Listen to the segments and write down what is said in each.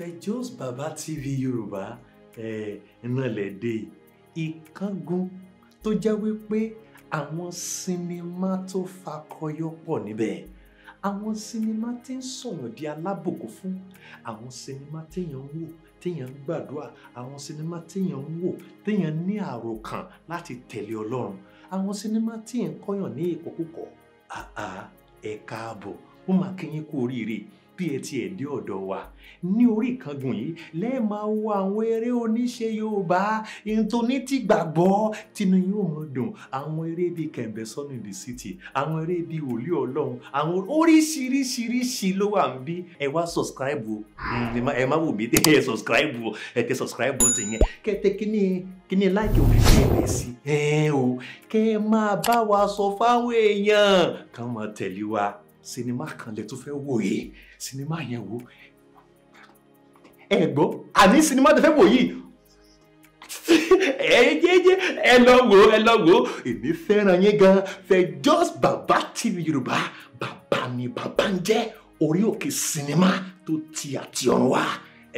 Fejosbaba Baba TV Yorùbá ìrànlẹ́dẹ́ ìkángun tó jẹ́ wípé àwọn sinimá tó fakọyọ pọ̀ níbẹ̀ àwọn sinimá tí ń sọ̀yàn di alábòkú fún àwọn sinimá téèyàn ń wò téèyàn ń gbàdúrà àwọn sinimá téèyàn ń wò téèyàn ní àròkàn láti tẹ̀lé Ọlọ́run àwọn sinimá téèyàn kọ́yàn ní ìkọ̀kùkọ̀ àà ẹ káàbọ̀ ó máa kí yín kú oríire bí ẹ ti ẹ̀ dé ọ̀dọ̀ wa ní orí ìkángun yìí lẹ́ẹ̀ máa wo àwọn eré oníṣe Yorùbá ìtònítìgbàgbọ́ tinú yóò mọ̀ dùn àwọn eré bíi kẹ̀mbẹ́ sọ́nù in the àwọn eré bíi wòlíì ọlọ́run àwọn oríṣiríṣiríṣi ló wà ń bí ẹ wá subscribe o hmm, ẹ má wò mí ẹ subscribe o ẹ tẹ subscribe button yẹn kẹtẹ kíní kíní láìkí òfin ṣe é sí ẹ o kẹ máa bá wa sọ fáwọn èèyàn kàn máa tẹ̀lé wa sinimá kan lè tún fẹ́ wòye sinimá yẹn wò ẹ gbọ́ àní sinimá tẹ fẹ́ wò yìí ẹ jẹ́jẹ́ ẹ lọ wò ẹ lọ wò èmi fẹ́ràn yín gan Fejos Bàbá TV Yorùbá bàbá ni bàbá ń jẹ́ orí òkè sinimá tó ti àti ọ̀run wá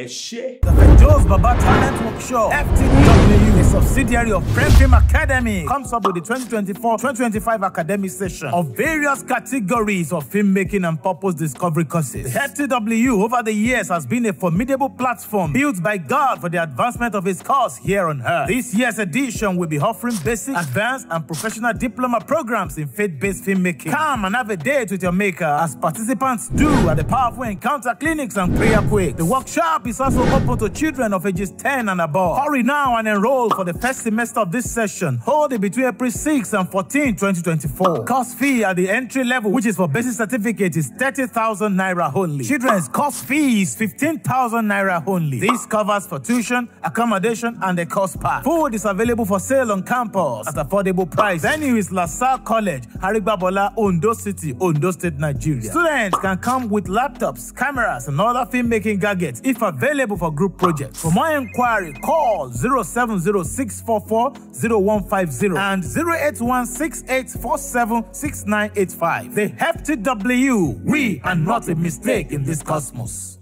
ẹ ṣé. The Fejos Bàbá talent workshop FTW. subsidiary of Prem Academy, comes up with the 2024-2025 academic session of various categories of filmmaking and purpose discovery courses. The FTW over the years has been a formidable platform built by God for the advancement of his cause here on earth. This year's edition will be offering basic, advanced, and professional diploma programs in faith-based filmmaking. Come and have a date with your maker as participants do at the Powerful Encounter Clinics and Prayer quakes. The workshop is also open to children of ages 10 and above. Hurry now and enroll for for the first semester of this session, holding between April 6 and 14, 2024. Cost fee at the entry level, which is for basic certificate, is 30,000 naira only. Children's cost fee is 15,000 naira only. This covers for tuition, accommodation, and the course pack. Food is available for sale on campus at affordable price. Venue is LaSalle College, Haribabola, Ondo City, Ondo State, Nigeria. Students can come with laptops, cameras, and other filmmaking gadgets if available for group projects. For more inquiry, call 0707 6440150 and 08168476985. The Hefty W. We are not a mistake in this cosmos.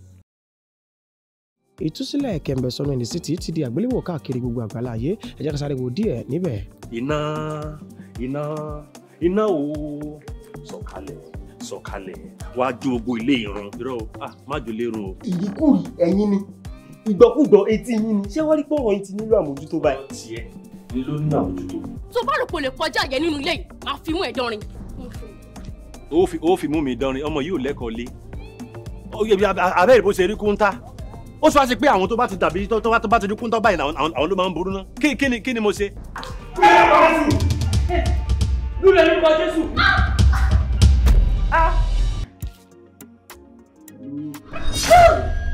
ìtúsílẹ̀ Kembe Isonu in the City ti di àgbéléwò káàkiri gbogbo àgbàlá ayé ẹ jẹ́ ká sáré wo díẹ̀ níbẹ̀. iná iná iná o sọ̀kalẹ̀ sọ̀kalẹ̀ wàá jó gbogbo ilé ìrun irọ́ ah má jò lérò. ìdíkù ẹ̀yìn ni ìgbọ́kúgbọ́ etí yín ni ṣé wọ́n rí pọ̀rọ̀ yín ti nílò àmójútó báyìí. tiẹ̀ ni ló nílò àmójútó. tó bá rò pé o lè kọjá yẹn nínú ilé yìí máa fi mú ẹ dánrin. ó fi mú mi dánrin ọmọ yìí ò lẹ́kọ̀ọ́ lé abẹ́ ìbò ṣe rí kúńtà ó sọ wá sí pé àwọn tó bá ti dàbí tó bá ti rí kúńtà báyìí àwọn ló máa ń burú ná kí ni mo ṣe. lúlẹ̀ lórúkọ Jésù. Ah! ah!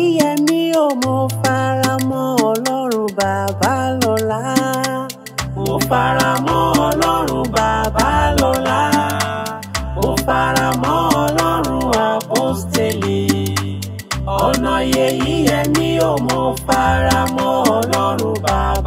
Oyèyẹmí ò mo fara mọ́ Ọlọ́run bàbá lọ́lá. Mo fara mọ́ Ọlọ́run bàbá lọ́lá. Mo fara mọ́ Ọlọ́run àpọ́stélì. Ọ̀nà Oyèyẹmí ò mo fara mọ́ Ọlọ́run bàbá.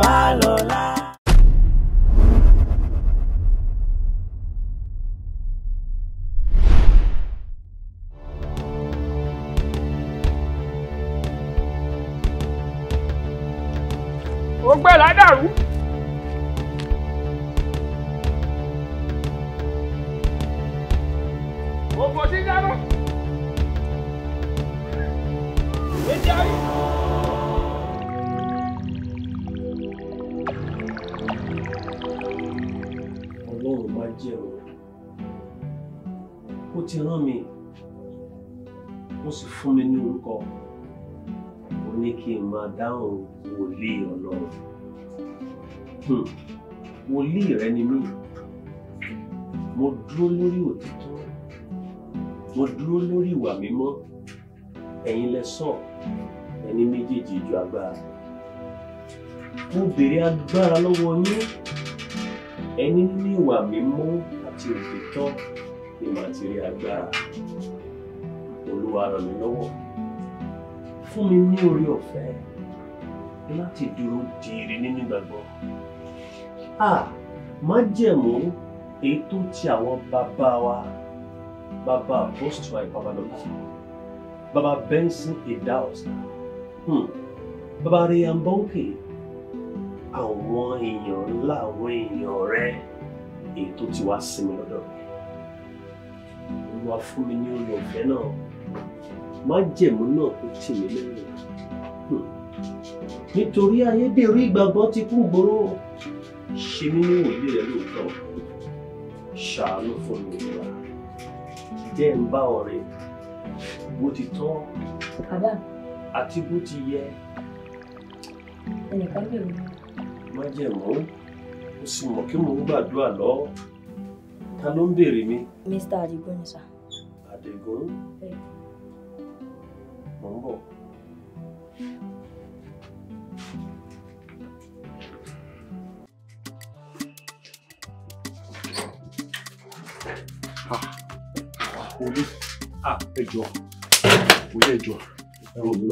ti rán mi wọ́n sì fún mi ní orúkọ ó ní kí n máa dáhùn wòlíì ọlọ́run hmm. wòlíì rẹ ni mí mo dúró lórí òtítọ́ mo dúró lórí ìwà mímọ́ ẹ̀yin lẹ sọ ẹni méjèèjì ju agbára mo béèrè agbára lọ́wọ́ yín ẹni ní ìwà mímọ́ àti òtítọ́ lè máa ti rí agbára olúwa ràn mí lọ́wọ́ fún mi ní orí ọ̀fẹ́ láti dúró diire nínú ìgbàgbọ́ májẹ̀mú èyí tó ti àwọn bàbá wa bàbá apostol àìpàbàlọ́lá bàbá benson ìdáọ̀sà hmm, bàbá rayan bọ́ńkè àwọn èèyàn ńlá àwọn èèyàn rẹ èyí tó ti sinmi lọ́dọ̀ olúwa fún mi ní oore ọ̀fẹ́ náà májẹ̀mú náà tó tì mí lẹ́yìn hmm. nítorí ayédèrú ìgbàgbọ́ ti kún gbòòrò ṣe mí ní ìwòye rẹ lóòótọ́ ṣàánú fún mi wá jẹ́ ń bá ọ̀rẹ́ bó ti tán àti bó ti yẹ. ẹnìkan lè mú. májẹ̀mú ó sì mọ̀ kí mò ń gbàdúrà lọ ta ló ń béèrè mi. mr adigun ni àdégún mò ń bọ̀. olú ẹjọ́ olú ẹjọ́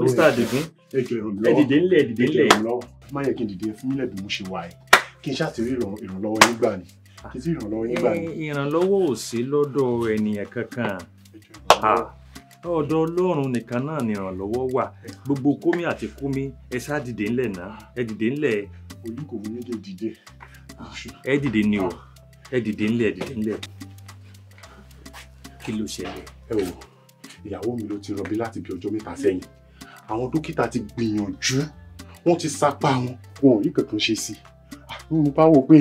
mr adigun ẹjọ́ ìrànlọ́wọ́ ẹdìdẹ ńlẹ ẹdìdẹ ńlẹ ìrànlọ́wọ́ má yẹ kí n dìde fún lo, bí mo ṣe wà yìí kí n ṣàtìrí ìrànlọ́wọ́ nígbà ni kí n sì ìrànlọ́wọ́ nígbà ni. ìrànlọ́wọ́ ò sí lọ́dọ̀ ènìyàn kankan Ah. ọ̀dọ̀ ọlọ́run nìkan náà ni ìrànlọ́wọ́ wà gbogbo kómi àti kómi ẹ ṣáà dìde ńlẹ̀ náà ẹ dìde ńlẹ̀. ojú kò mú méjì dìde. ẹ dìde ni o ẹ dìde ńlẹ̀ ẹ dìde ńlẹ̀ kí ló ṣẹlẹ̀. ẹ wò ìyàwó mi ló ti rọbí láti bí ọjọ́ mẹ́ta sẹ́yìn àwọn dókítà ti gbìyànjú wọ́n ti sapá wọn wọn ò rí kankan ṣe sí i ah, mo bá wò pé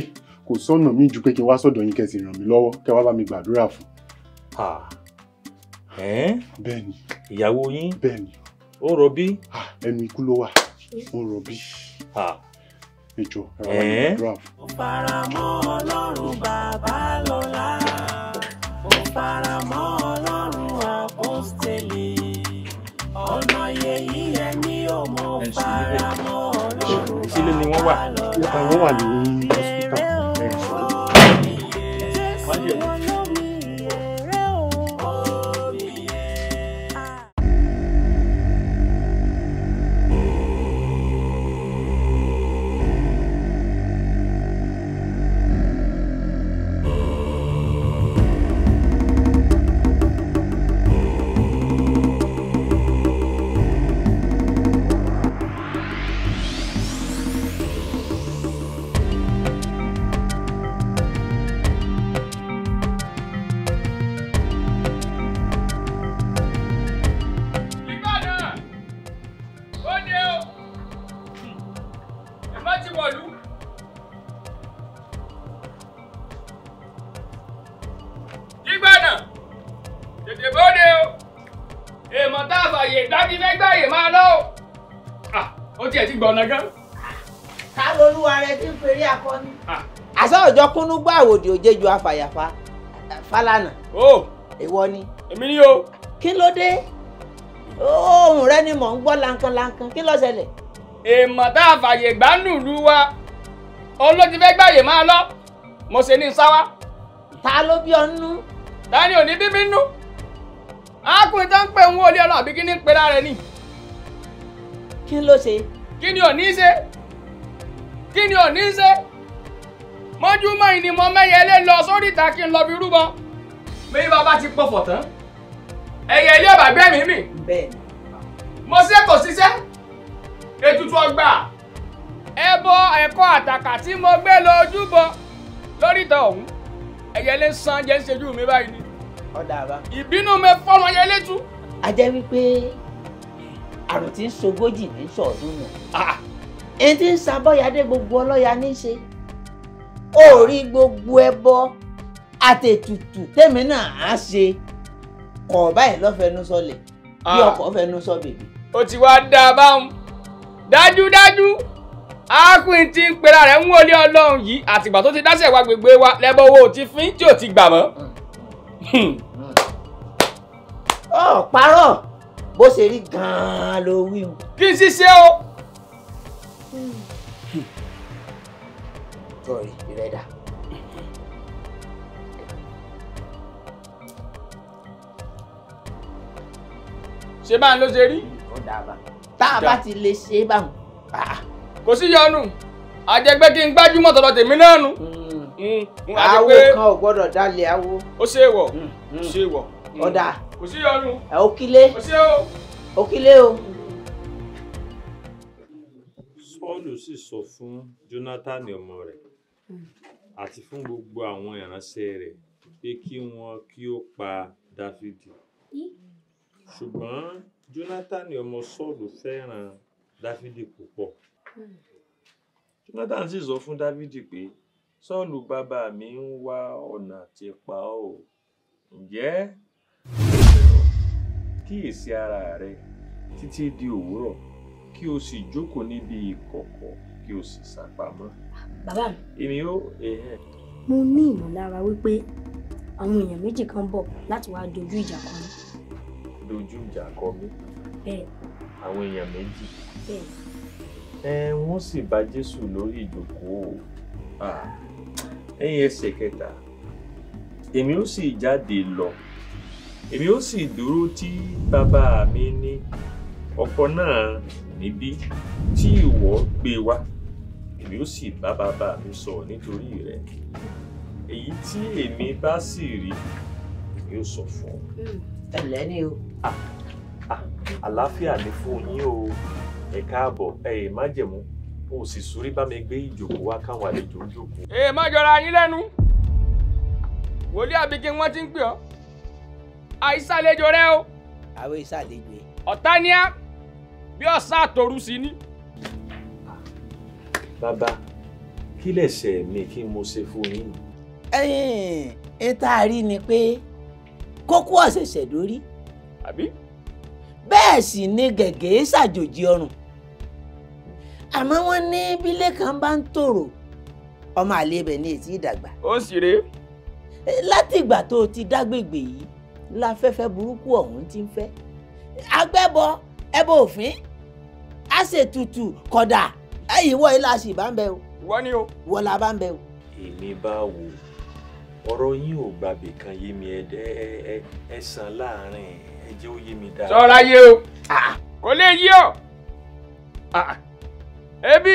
kò sọ́nà mi ju pé kí n wá sọ́dọ̀ yín kẹ́ sì ràn mí lọ́wọ́ kẹ́ wá bá mi gbàdúrà fún bẹ́ẹ̀ni. ìyàwó yín. bẹ́ẹ̀ni. ó rọbí. Ah, ẹnu ikú ló wà ó rọbí. ìjọ ẹ̀rọ mo fara mọ́ ọlọ́run bàbá lọ́la mo fara mọ́ ọlọ́run àpọ́stélì ọ̀nà yẹ̀yí ẹ̀ ní òmò fara mọ́ ọlọ́run bàbá lọ́la. ìṣílẹ̀ ni wọ́n wà. wọ́n wà ti wọ̀lú. Gbígbọ́nà tètè bóde o. Èèmọ̀ tá a fàyè dájú fẹ́gbàyè máa lọ. Ó tiẹ̀ ti gbọ̀nà gan. Ká lolúwa rẹ ti ń feré akọni. Àṣà òjọ kúnnú gbọ́ àwòdì òjèjò afàyàfà Fálànà. Ó. Èwọ ni. Èmi ni o. Kí ló dé? Ohùn rẹ ni mò ń gbọ́ lankan lankan. Kí ló ṣẹlẹ̀? èèmọ̀ tá a fàyè gbà nùlú wa olóòtú fẹ́ gbàyè máa lọ mo ṣe ní sáwá. ta ló bí ọ nú. ta ni ò ní bí mi nú. arákùnrin tó ń pè ń wọlé ọlọ́run àbí kí ní pe lára ẹ nì. kí ló ṣe. kí ni ò ní ṣe kí ni ò ní ṣe mọ́júmọ́ yìí ni mo mẹ́yẹlé lọ sórí ìta kí n lọ fi rúbọ. mi bàbá ti pọfọ̀ tán ẹ̀yẹ ilé ọ̀bàgbẹ́ mi mi. bẹ́ẹ̀ ni. mo ṣe kò ṣiṣẹ́ ètùtù ọgbà. ẹbọ ẹ̀kọ́ àtàkà tí mo gbé lọ ojúbọ lóríta ọ̀hún ẹyẹlé ń san jẹ́ ń ṣojú mi báyìí ni. ọ̀dà àbá. ìbínú mi fọ́nà ẹyẹlé tú. a jẹ́ wípé àrùn tí ń sogójì ní sọ̀ọ́dún nù. Ah. ẹni tí ń sabọ́yadé gbogbo ọlọ́ya ní í ṣe ó rí gbogbo ẹbọ àtètùtù tèmi náà á ṣe kọ̀ báyìí lọ́fẹ̀ẹ́nu sọlẹ̀ bí ah. ọkọ̀ fẹ́nu sọ bèbè. ti wá dá a báwọn dájúdájú arákùnrin tí ń pera rẹ̀ ń wọlé ọlọ́run yìí àtìgbà tó ti dáṣẹ̀ wá gbègbè wa lẹ́bọ̀ owó ti fín tí ò ti gbà mọ́. ọ̀ parọ́ bó ṣe rí gan ló wí o. kí n ṣiṣẹ́ o. sọ̀rí ìrẹ́dà. ṣé báyìí ló ṣe rí. ó dáa tá a bá ti lè ṣe é báwọn. Ah. kò sí yọnu àjẹgbẹ́ kí n gbájúmọ̀ tọ̀dọ̀ tèmi náà nù. Hmm. Hmm. Hmm. awo kan ò gbọ́dọ̀ dalẹ̀ awo. ó ṣe é wọ̀ ó ṣe é wọ̀. ọ̀dà kò sí yọnu. ẹ̀ òkìlé òkìlé o. Sọ́ọ̀lù sì sọ fún Jónátánì ọmọ rẹ̀ àti fún gbogbo àwọn ìránṣẹ́ rẹ̀ pé kí wọ́n kí ó pa Dáfídì ṣùgbọ́n ni ọmọ Sọ́ọ̀lù fẹ́ràn Dáfídì pụpọ hmm. jonathan sì sọ fún Dáfídì pé Sọ́ọ̀lù bàbá mi ń wá ọ̀nà àti pa ọ́ ǹjẹ́ ara rẹ títí di òwúrọ̀ kí o sì jókòó níbi ìkọ̀kọ̀ kí o sì bàbá mi. mo ní ìmọ̀lára wípé àwọn èèyàn kan bọ̀ láti wáá dojú kan dojú ìjà kọ mí àwọn èèyàn méjì ẹ wọ́n sì bá Jésù lórí ìjókòó ẹ̀yìn ẹsẹ̀ kẹta èmi ó sì jáde lọ èmi ó sì dúró tí bàbá mi ní ọkọ náà níbí tí ìwọ gbé wá èmi ó sì bá bàbá mi sọ nítorí rẹ èyí tí èmi bá sì rí èmi ó sọ fún ọ. Hmm. ẹ lẹ́ni o àlàáfíà ni fún yín o ẹ káàbọ̀ ẹ ẹ má jẹ̀mú o sì súrí bá mi gbé ìjòkó wá káwọn àlejò ń jòkó. ẹ má jọra yín lẹ́nu wòlíì àbíkí wọ́n ti ń pè ọ́ àìsàlejò rẹ o. àwọn ìsàlejò yìí. ọ̀tá ni á bí ọ̀sá àtòrú sí ni. bàbá kí lẹ̀ṣẹ̀ mi kí mo ṣe fún yín. ẹ ẹ tá a rí ni pé kókó ọ̀sẹ̀ṣẹ̀ lórí àbí. bẹ́ẹ̀ sì ni gẹ̀gẹ́ ṣàjòjì ọrùn àmọ́ wọ́n ní bílé kan bá ń tòrò ọmọ àlè ibẹ̀ ni ètí ìdàgbà. ó sì rè é. Eh, láti ìgbà tó o ti dágbègbè yìí láfẹ́fẹ́ burúkú ọ̀hún ti ń fẹ́ agbẹ́bọ ẹbọ òfin á ṣètùtù kódà ẹ̀yìn wọ ilé bá ń bẹ o. wọ́n ní o. wọ́n la bá ń bẹ o. èmi bá wò ọ̀rọ̀ yín ò gbàgbé kan yé mi ẹ̀ ẹ̀ ẹ̀ sàn láàrin ẹ̀ ẹ jẹ́ ó yé mi dáa. sọ̀rọ̀ ayé o ah, ah. kò lè yí ọ ah, ebi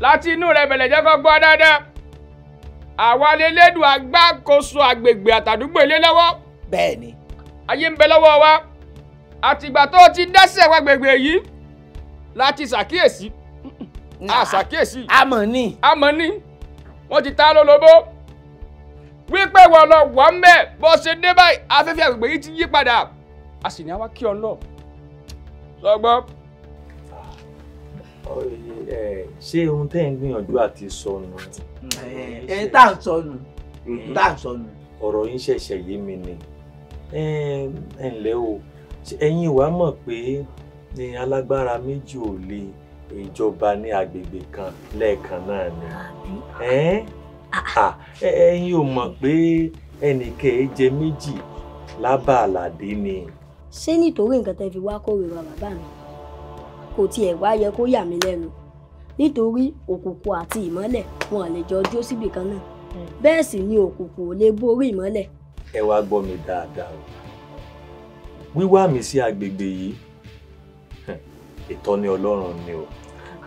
láti inú rẹ bẹ̀lẹ̀ jẹ́ kó gbọ́ dáadáa àwa lélẹ́dùn agbákoso àgbègbè àtàdúgbò ilé lọ́wọ́. bẹ́ẹ̀ni. ayé ń bẹ lọ́wọ́ wa àtìgbà tó ti dẹ́sẹ̀ wá gbègbè yìí láti ṣàkíyèsí. a ṣàkíyèsí. amọ̀ ni. amọ̀ ni wọ́n ti ta lólobó wípé ìwọ lọ wà ń bẹ̀ bó ṣe dé báyìí afẹ́fẹ́ àgbègbè yìí ti yí padà a sì ní àwa kí ọ lọ. sọgbọ́. ṣé ohun tẹ́ ń gbìyànjú àti sọnù. ẹ tá à ń sọnù mhm. tá à ń sọnù. ọ̀rọ̀ yín ṣẹ̀ṣẹ̀ yé mi ni ẹ ǹlẹ́ o ẹ̀yin wàá mọ̀ pé ní alágbára méjì ò lè ìjọba ní agbègbè kan lẹ́ẹ̀kan náà ni. Ah, ẹ̀yin ò mọ̀ pé ẹnìkẹ́ ẹ jẹ méjì lábà àlàdé ni. ṣé nítorí nǹkan tẹ́ fi wá kórìíra bàbá mi kò tiẹ̀ wá yẹ kó yà mí lẹ́nu nítorí òkùnkùn àti ìmọ́lẹ̀ wọn lè jọ jó síbì kan náà bẹ́ẹ̀ sì ni òkùnkùn ò lè borí ìmọ́lẹ̀. ẹ wá gbọ́ mi dáadáa o wíwá mi sí agbègbè yìí ìtọ́ni ọlọ́run ni o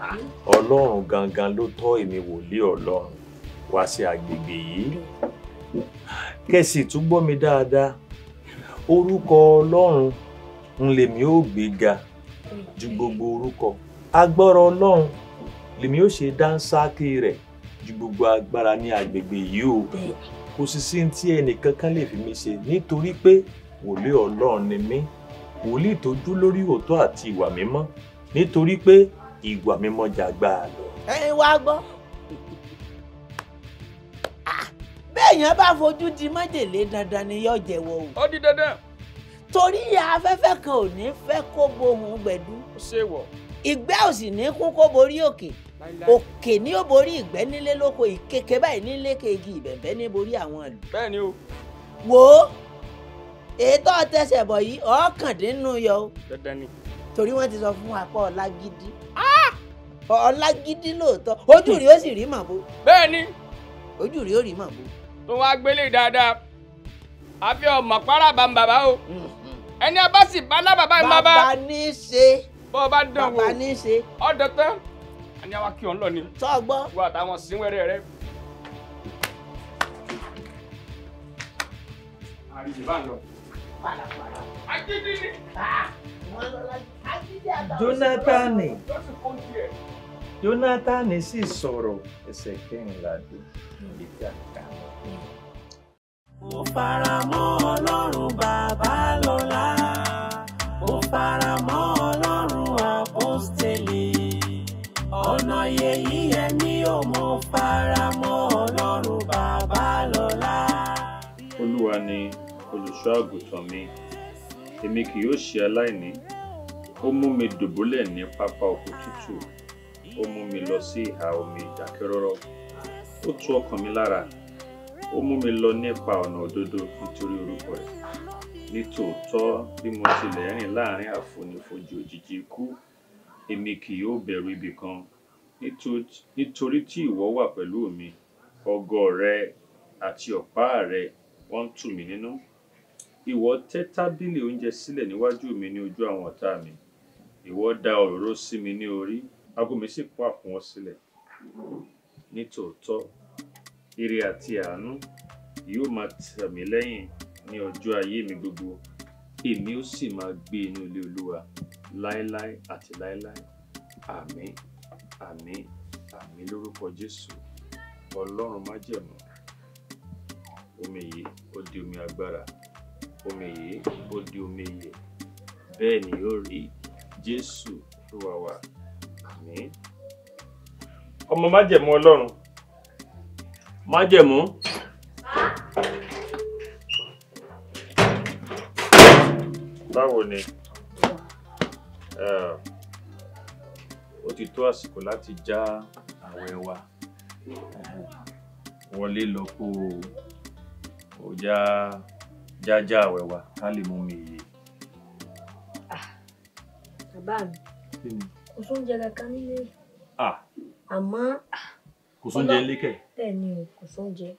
ah, ọlọ́run gangan ló tọ́ èmi wòlíì ọlọ́run wá sí agbègbè yìí kẹsì tún gbọ́ mi dáadáa orúkọ ọlọ́run ń lèmi ó gbéga ju gbogbo orúkọ agbára ọlọ́run lèmi ó ṣe dánsákì rẹ̀ ju gbogbo agbára ní agbègbè yìí o kò sì sí tí ẹnìkankan lè fi mi ṣe nítorí pé wòlíì ọlọ́run ni mí wòlíì tó lórí òótọ́ àti ìwà mímọ́ nítorí pé ìwà mímọ́ jàgbà lọ. ẹ wá gbọ́ béèyàn bá fojú di májèlé dandan ni yóò jẹ́wọ́ o. ó di dandan. torí afẹ́fẹ́ kan ò ní fẹ́ kó bohun gbẹ̀dú. ó ṣe wọ̀. ìgbẹ́ ò sì ní kún kó borí òkè. òkè ní ó borí ìgbẹ́ nílé lóko ìkeke báyìí nílé kegi ìbẹ̀bẹ̀ ní borí àwọn ìlú. bẹ́ẹ̀ni o. wo ètò ọ̀tẹ̀sẹ̀ bọ̀ yìí ọ̀ọ́kàndínlù o. dandan ni. torí wọ́n ti sọ fún apá ọ̀la gidi. ọ̀la gidi lóòótọ́ ojú rí ó sì rí màbo. bẹ́ẹ̀ni ojú rí ó rí màbo tó wá gbélé dáadáa àfi ọmọ páraba ń bàbá o ẹni abá sì bá ná bàbá ń bàbá. bàbá ní í ṣe. bọ́ọ̀ bá dán wò bàbá ní í ṣe. ọ̀dọ̀ tán àní àwa kí ọ̀ ń lọ ni. tọ́ ọ gbọ́. wà á táwọn sínwẹ́rẹ́ rẹ. àríyé bá ń lọ. ni. Jónátánì sì sọ̀rọ̀ ẹsẹ̀ kẹrìnlá dé níbi tí a kà á mo fara mọ́ ọlọ́run bàbá lọ́lá mo fara mọ́ ọlọ́run àpọ́stélì ọ̀nà yẹ̀yí ẹni ò mo fara mọ́ ọlọ́run bàbá olùṣọ́ àgùntàn mi èmi kì yóò ṣe aláìní ó mú mi dùbúlẹ̀ ní pápá oko tútù ó mú mi lọ sí ìhà omi ìdákẹ́rọ́rọ́ ó tu ọkàn mi lára ó mú mi lọ nípa ọ̀nà òdodo nítorí orúkọ rẹ̀ nítòótọ́ bí mo tilẹ̀ rìn láàrin àfonífojì òjijì ikú èmi kì yóò bẹ̀rù ibì kan nítorí tí ìwọ wà pẹ̀lú mi ọ̀gọ rẹ àti ọ̀pá rẹ wọ́n tù mí nínú ìwọ tẹ́ tábìlì oúnjẹ sílẹ̀ níwájú mi ní ojú àwọn ọ̀tá mi ìwọ da òróró sí mi ní orí ago mi sì kó àpọ́n sílẹ̀ nítòótọ́ ire àti àánú yóò máa tà mí lẹ́yìn ní ọjọ́ ayé mi gbogbo èmi ó sì máa gbé inú ilé olúwa láéláé àti láéláé àmín àmín àmín lórúkọ jésù ọlọ́run májẹ̀mú omi yìí ó di omi agbára omi yìí ó di omi iyè bẹ́ẹ̀ ni ó rí jésù ló wà ọmọ májẹ̀mú ọlọ́run májẹ̀mú. báwo ni ó ti tó àsìkò láti já àwẹ̀ wa wọlé lọ kó o já jájá àwẹ̀ wa ká lè mú mi yé. Ah, bàbá mi kò sóúnjẹ kankan nílé ah. àmọ́ ah, kò sóúnjẹ ńlé kẹ. bẹ́ẹ̀ ni o kò sóúnjẹ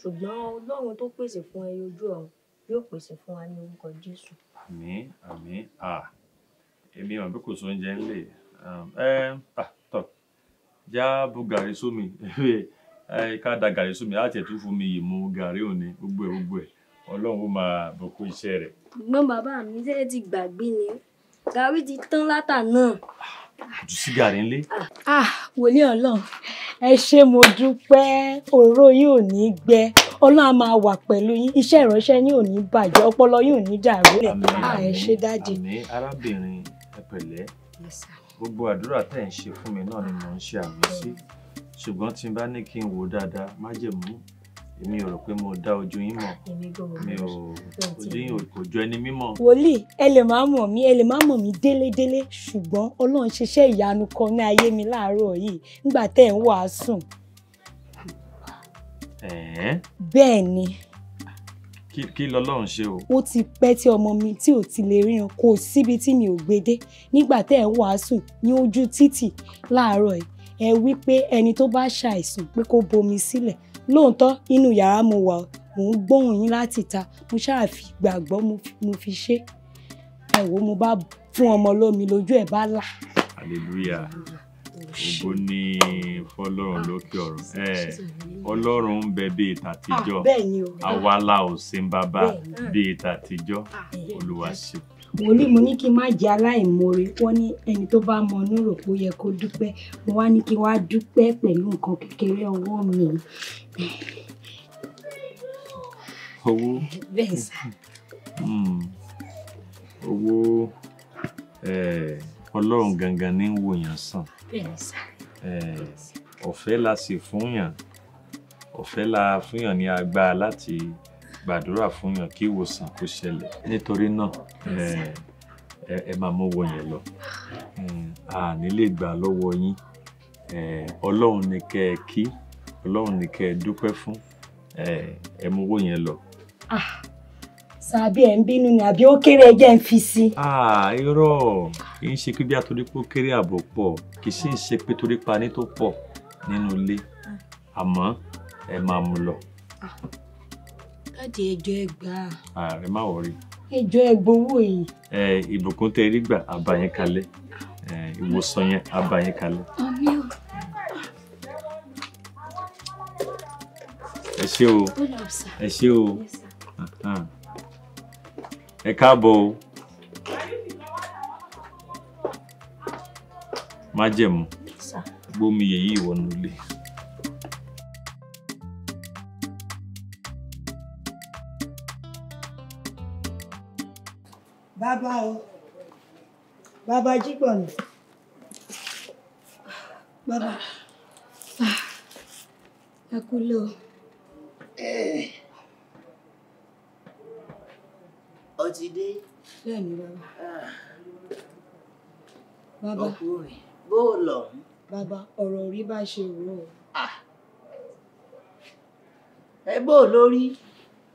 ṣùgbọ́n ọlọ́run tó pèsè fún ẹ ojú ọ̀run yóò pèsè fún wa ní orúkọ jésù. àmín àmín à èmi mà bí kò sóúnjẹ ńlé ẹ tọ já bu gàrí sómi ká da gàrí sómi láti ẹ̀tún fún mi yìí mu gàrí òní gbogbo ẹ̀ gbogbo ẹ̀ ọlọ́run ó máa bùkún iṣẹ́ rẹ̀. ṣùgbọ́n bàbá mi ṣe é ti gbàgbé ni gàrí ti tán látà náà jù sígá rẹ̀ ah wòlíì ọlọ́run ẹ ṣé mo dúpẹ́ òróró yín ò ní gbẹ a ma wà pẹ̀lú yín iṣẹ́ ìránṣẹ́ yín ò ní bàjẹ́ ọpọlọ yín ò ní dàrú ah, ẹ ṣé dáàdì. àmín arábìnrin ẹ pẹ̀lẹ́ gbogbo àdúrà tẹ̀ ń ṣe fún mi náà ni mò ń ṣe àmì sí ṣùgbọ́n tí n bá ní kí n wò dáadáa májèmú èmi ò rò pé mo dá ojú yín mọ̀ ah, mi ò ojú yín kò jọ ẹni mímọ̀. wòlíì ẹ lè má mọ̀ mí ẹ lè má mọ̀ mí délédélé ṣùgbọ́n ọlọ́run ṣiṣẹ́ ìyanu kan ní ayé mi láàárọ̀ yìí nígbà tẹ́ ẹ̀ ń wàásùn. bẹ́ẹ̀ ni. kí lọlọ́run ṣe o. ó ti pẹ́ tí ọmọ mi tí ò ti lè ríran kò síbi tí mi ò gbé dé nígbà tẹ́ ẹ̀ ń wàásùn ní ojú títì láàárọ̀ yìí ẹ wí pé ẹni tó bá ṣàìsàn pé kó bomi sílẹ̀ lóòótọ́ inú yàrá mo wà mò ń gbóhùn yín láti ta mo ṣáà fi gbàgbọ́ mo fi ṣe ẹ wo mo bá fún ọmọ lómi lójú ẹ bá là. hallelujah ògo ni fọlọ́run lókè ọ̀run ẹ ọlọ́run ń bẹ bíi tàtijọ́ ah, àwa ò sin bíi tàtijọ́ ah. olúwa wòlíì mo ní kí n má jẹ aláìmoore wọn ní ẹni tó bá mọ inú rò pé ó yẹ kó dúpẹ́ mo wá ní kí n wá dúpẹ́ pẹ̀lú nǹkan kékeré ọwọ́ mi. owó bẹ́ẹ̀ sá. Hmm. owó eh, ọlọ́run gangan ní ń wòyàn sàn. bẹ́ẹ̀ eh, la sì fúnyàn ọ̀fẹ́ la fúnyàn ní agbára láti gbàdúrà fún yàn kí ìwòsàn kó ṣẹlẹ̀ nítorí náà ẹ máa mọ́wọ́ yẹn lọ a ní lè gbà lọ́wọ́ yín ọlọ́run ní kẹ́ ẹ kí ọlọ́run ní kẹ́ ẹ dúpẹ́ fún ẹ mọ́wọ́ yẹn lọ. Ah, sàbí ẹ̀ ń bínú ni àbí ó kéré ẹjẹ́ ń fi sí. Ah, irọ́ kì í ṣe pé bí a torí pé ó kéré àbọ̀ pọ̀ kì í ṣe pé torí pa ní tó pọ̀ nínú ilé ah. àmọ́ ẹ máa mú lọ dáàdì ẹjọ ẹ gbà. ààrẹ má wọrí. ẹjọ ẹ gbowó yìí. ẹ ìbùkún tẹ rí gbà abayín kalẹ̀ ìwòsàn yẹn abayín kalẹ̀. àmín o. ẹ ṣé o ẹ ṣé o ẹ káàbọ̀ o. májẹ̀mú gbómi yèyí ìwọ̀nù ilé. bàbá o bàbá jígbọ̀nà bàbá ẹ kú lé o. ó ti dé. bẹ́ẹ̀ ni bàbá. Ah. bàbá ọkùnrin bó o lọ. bàbá ọ̀rọ̀ rí bá ṣe rò ó. Ah. ẹ bó o lórí.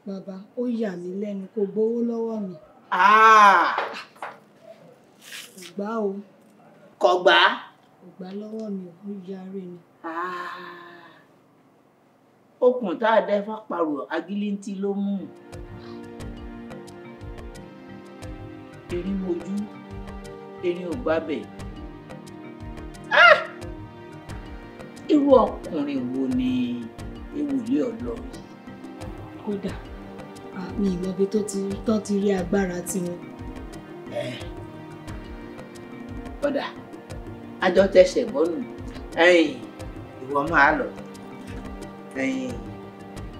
bàbá ó yà mí lẹ́nu kò gbowó lọ́wọ́ mi gbá o. kò gbá. kò gbá lọ́wọ́ mi ò ń yarí ni. Ah. okùn tá a dẹ fàparò agilintí ló mú. erin mojú erin ò gbábẹ̀. Ah! irú ọkùnrin wo ni ewúlé ọlọ́run. kódà. Ah, mi ìmọ̀bi tó ti tọ́ ti rí agbára tiwọn. kódà àjọ tẹsẹ̀ bọ́ọ̀lù ìwọ máa lọ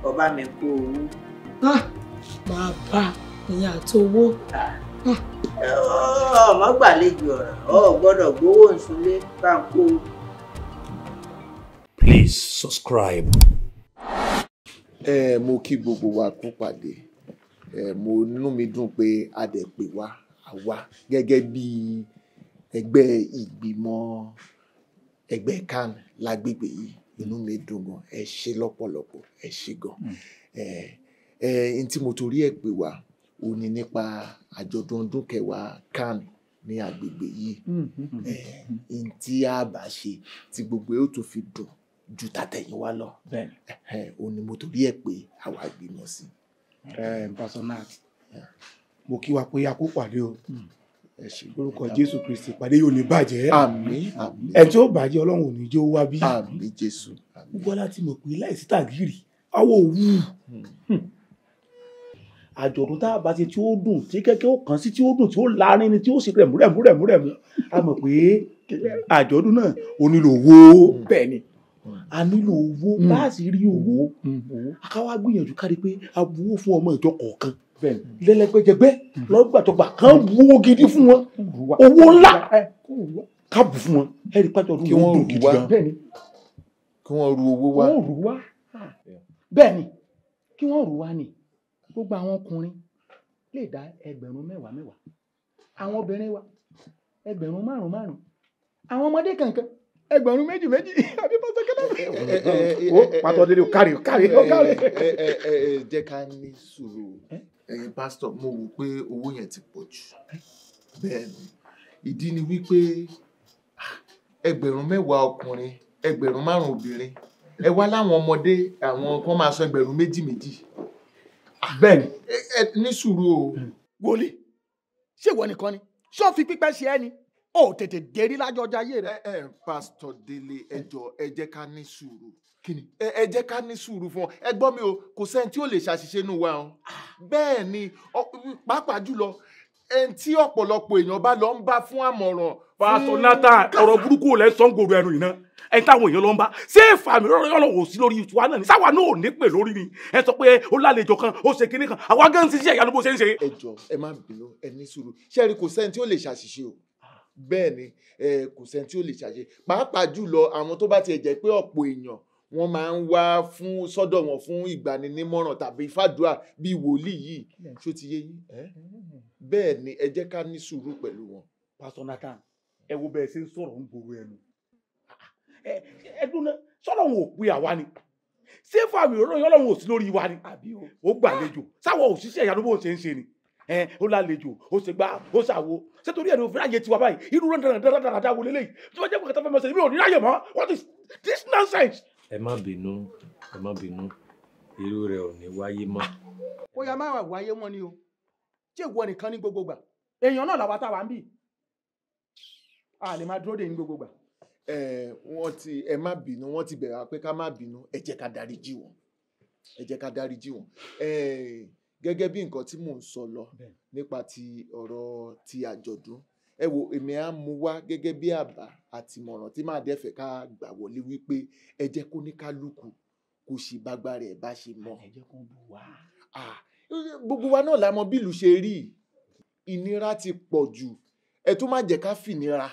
ọba mi kó owó. Ah, máa bá ìyẹn àti owó. ọmọ ah. gbàlejò ọ̀ràn ọ gbọ́dọ̀ gbowó ìsúnlé bá ń kó. Please subscribe ẹ mo kí gbogbo wa kú pàdé ẹ mo nínú mi dùn pé a dẹ̀ pè wá àwa gẹ́gẹ́ bí ẹgbẹ́ ìgbìmọ̀ ẹgbẹ́ kan lágbègbè yìí inú mi dùn gan ẹ ṣe lọ́pọ̀lọpọ̀ ẹ ṣe gan hmm. ẹ ẹ n tí mo torí ẹ pè wá ó ní nípa àjọ̀dún ọdún kẹwàá kan ní agbègbè yìí hmm, hmm, ẹ n tí a bá ṣe tí gbogbo yóò tún fi dùn ju tàtẹ̀yìnwá lọ ó ní mo torí ẹ̀ pé àwa ìgbìmọ̀ sí. personal mo kí wa pé a kó pàdé o hmm. lórúkọ jésù kristi pàdé yóò ní bàjẹ́ àmín àmín ẹ̀ tí ó bàjẹ́ ọlọ́run ò ní jẹ́ ó wá bí àmín jésù gbogbo láti mọ̀ pé láìsí tàgírì ọwọ́ òwú hmm. àjọ̀dún tá a bá ti tí ó dùn tí kẹ́kẹ́ ó kàn sí tí ó dùn tí ó lárin ni tí ó sì rẹ̀mú rẹ̀mú rẹ̀mú rẹ̀mú a mọ̀ pé àjọ̀dún náà ò nílò owó hmm. bẹ́ẹ̀ ni a nílò owó mm. bá a sì rí owó mm. mm. akáwá gbìyànjú kárí pé a buwó fún ọmọ ìjọ kọ̀ọ̀kan lẹ́lẹ́gbẹ́jẹgbẹ́ lọ́gbàtọ́gbà kan buwó gidi fún wọn owó ńlá ká bù fún wọn ẹ̀rí pàtó ọdún wọn dùn gidi gan kí wọ́n ru owó wá wọ́n kí wọ́n rù wá ni gbogbo àwọn ọkùnrin lè dá ẹgbẹ̀rún mẹ́wàá mẹ́wàá àwọn obìnrin wa ẹgbẹ̀rún márùn márùn àwọn ọmọdé kankan ẹgbẹ̀rún méjì méjì àbí pásítọ̀ kẹlẹ́sì. ó pàtó délé o kárí o eh, kárí o eh, kárí. ẹ ẹ ẹ jẹ́ ká ní sùúrù ẹ̀yin eh? pásítọ̀ mo wò pé owó yẹn ti pọ̀ jù bẹ́ẹ̀ ni ìdí ni wípé ah, ẹgbẹ̀rún mẹ́wàá ọkùnrin ẹgbẹ̀rún márùn-ún obìnrin ẹ wá láwọn ọmọdé àwọn kan máa sọ ẹgbẹ̀rún méjì méjì. Ah, bẹ́ẹ̀ ni. ẹ ní sùúrù o. Hmm. wọlé ṣé ìwọ nìkan ni ṣé o fi pípẹ́ ṣe ẹ́ ni o tètè dérí lájọ ọjà ayé rẹ. Eh, eh, ẹ ẹ pásítọ̀ Délé ẹjọ ẹ jẹ́ ká ní sùúrù kíni ẹ jẹ́ ká ní sùúrù fún ọ ẹ gbọ́ mi o kò sẹ́ni tí ò lè ṣàṣìṣe nù wa o ah. bẹ́ẹ̀ ni pàápàá jùlọ ẹni tí ọ̀pọ̀lọpọ̀ èèyàn bá lọ ń bá fún àmọ̀ràn. pásítọ̀ Nathan ọ̀rọ̀ burúkú ò lẹ́ sọ́ngòrò ẹnu ìná ẹni táwọn èèyàn lọ ń bá ṣé ìfàmì ọlọ́wọ́ sí lórí ìtura náà ni sáwa náà ò ní pè lórí ni ẹ sọ pé ó lálejò kan ó ṣe kinní kan àwa gán ti ṣe ìyanu bó ṣe ń ṣe. ẹ jọ ẹ má bínú ẹ ní sùúrù ṣé ẹ rí kò sẹ́ni tí ó lè ṣàṣìṣe o bẹ́ẹ̀ ni kò sẹ́ni tí ó lè ṣàṣe pàápàá jùlọ àwọn tó bá tiẹ̀ jẹ́ pé ọ̀pọ̀ èèyàn wọ́n máa ń wá fún sọ́dọ̀ wọn fún ìgbaninímọ̀ràn tàbí fàdúrà bíi wòlíì yìí ṣó ti yé yín mm-hmm. bẹ́ẹ̀ ni ẹ jẹ́ ká ní sùúrù pẹ̀lú wọn. pásítọ̀ Nathan ẹ wo bẹ́ẹ̀ ṣe ń sọ̀rọ̀ ń gbòòrò ẹnu ẹ dúná sọ́dọ̀ wọn ò pé àwa ni ṣé fún àmì ìrọ̀lọ́yìn ọlọ́run ò sí lórí wa ni ó gbàlejò sáwọn òṣìṣẹ́ ìyanu bó ṣe ń ṣe ni ẹ ó lálejò ó ṣe gbá ó ṣàwo ṣé torí ẹni òfin àyè tiwa báyìí irú rẹ dáradára wo lélẹyìí tí wọn jẹ kókè tó fẹ́ mọ ṣe mi ò what is this nonsense. ẹ má bínú ẹ má bínú irú rẹ ò ní wáyé mọ́. ó yá máa wáyé wọn ni o tí èèwọ̀ nìkan ní gbogbo gbà èèyàn náà làwa táwa ń bì a lè máa dúró dè ní gbogbo gbà. ẹ wọn ti ẹ má bínú wọn ti bẹ̀rẹ̀ pé ká má bínú ẹ jẹ́ ká dáríjì wọn ẹ jẹ́ ká dáríjì wọn gẹ́gẹ́ bí nǹkan tí mò ń sọ lọ nípa ti ọ̀rọ̀ ti àjọ̀dún ẹ wo èmi á mú wá gẹ́gẹ́ bí àbá àtìmọ̀ràn tí màá dẹ́fẹ̀ ká gbà wọlé wípé ẹ jẹ́ kó ní kálukú kó ṣe bágbá rẹ̀ bá ṣe mọ́. gbogbo wa náà la mọ bí ìlú ṣe rí ìnira ti pọ̀ jù ẹ tún má jẹ́ ká fìnira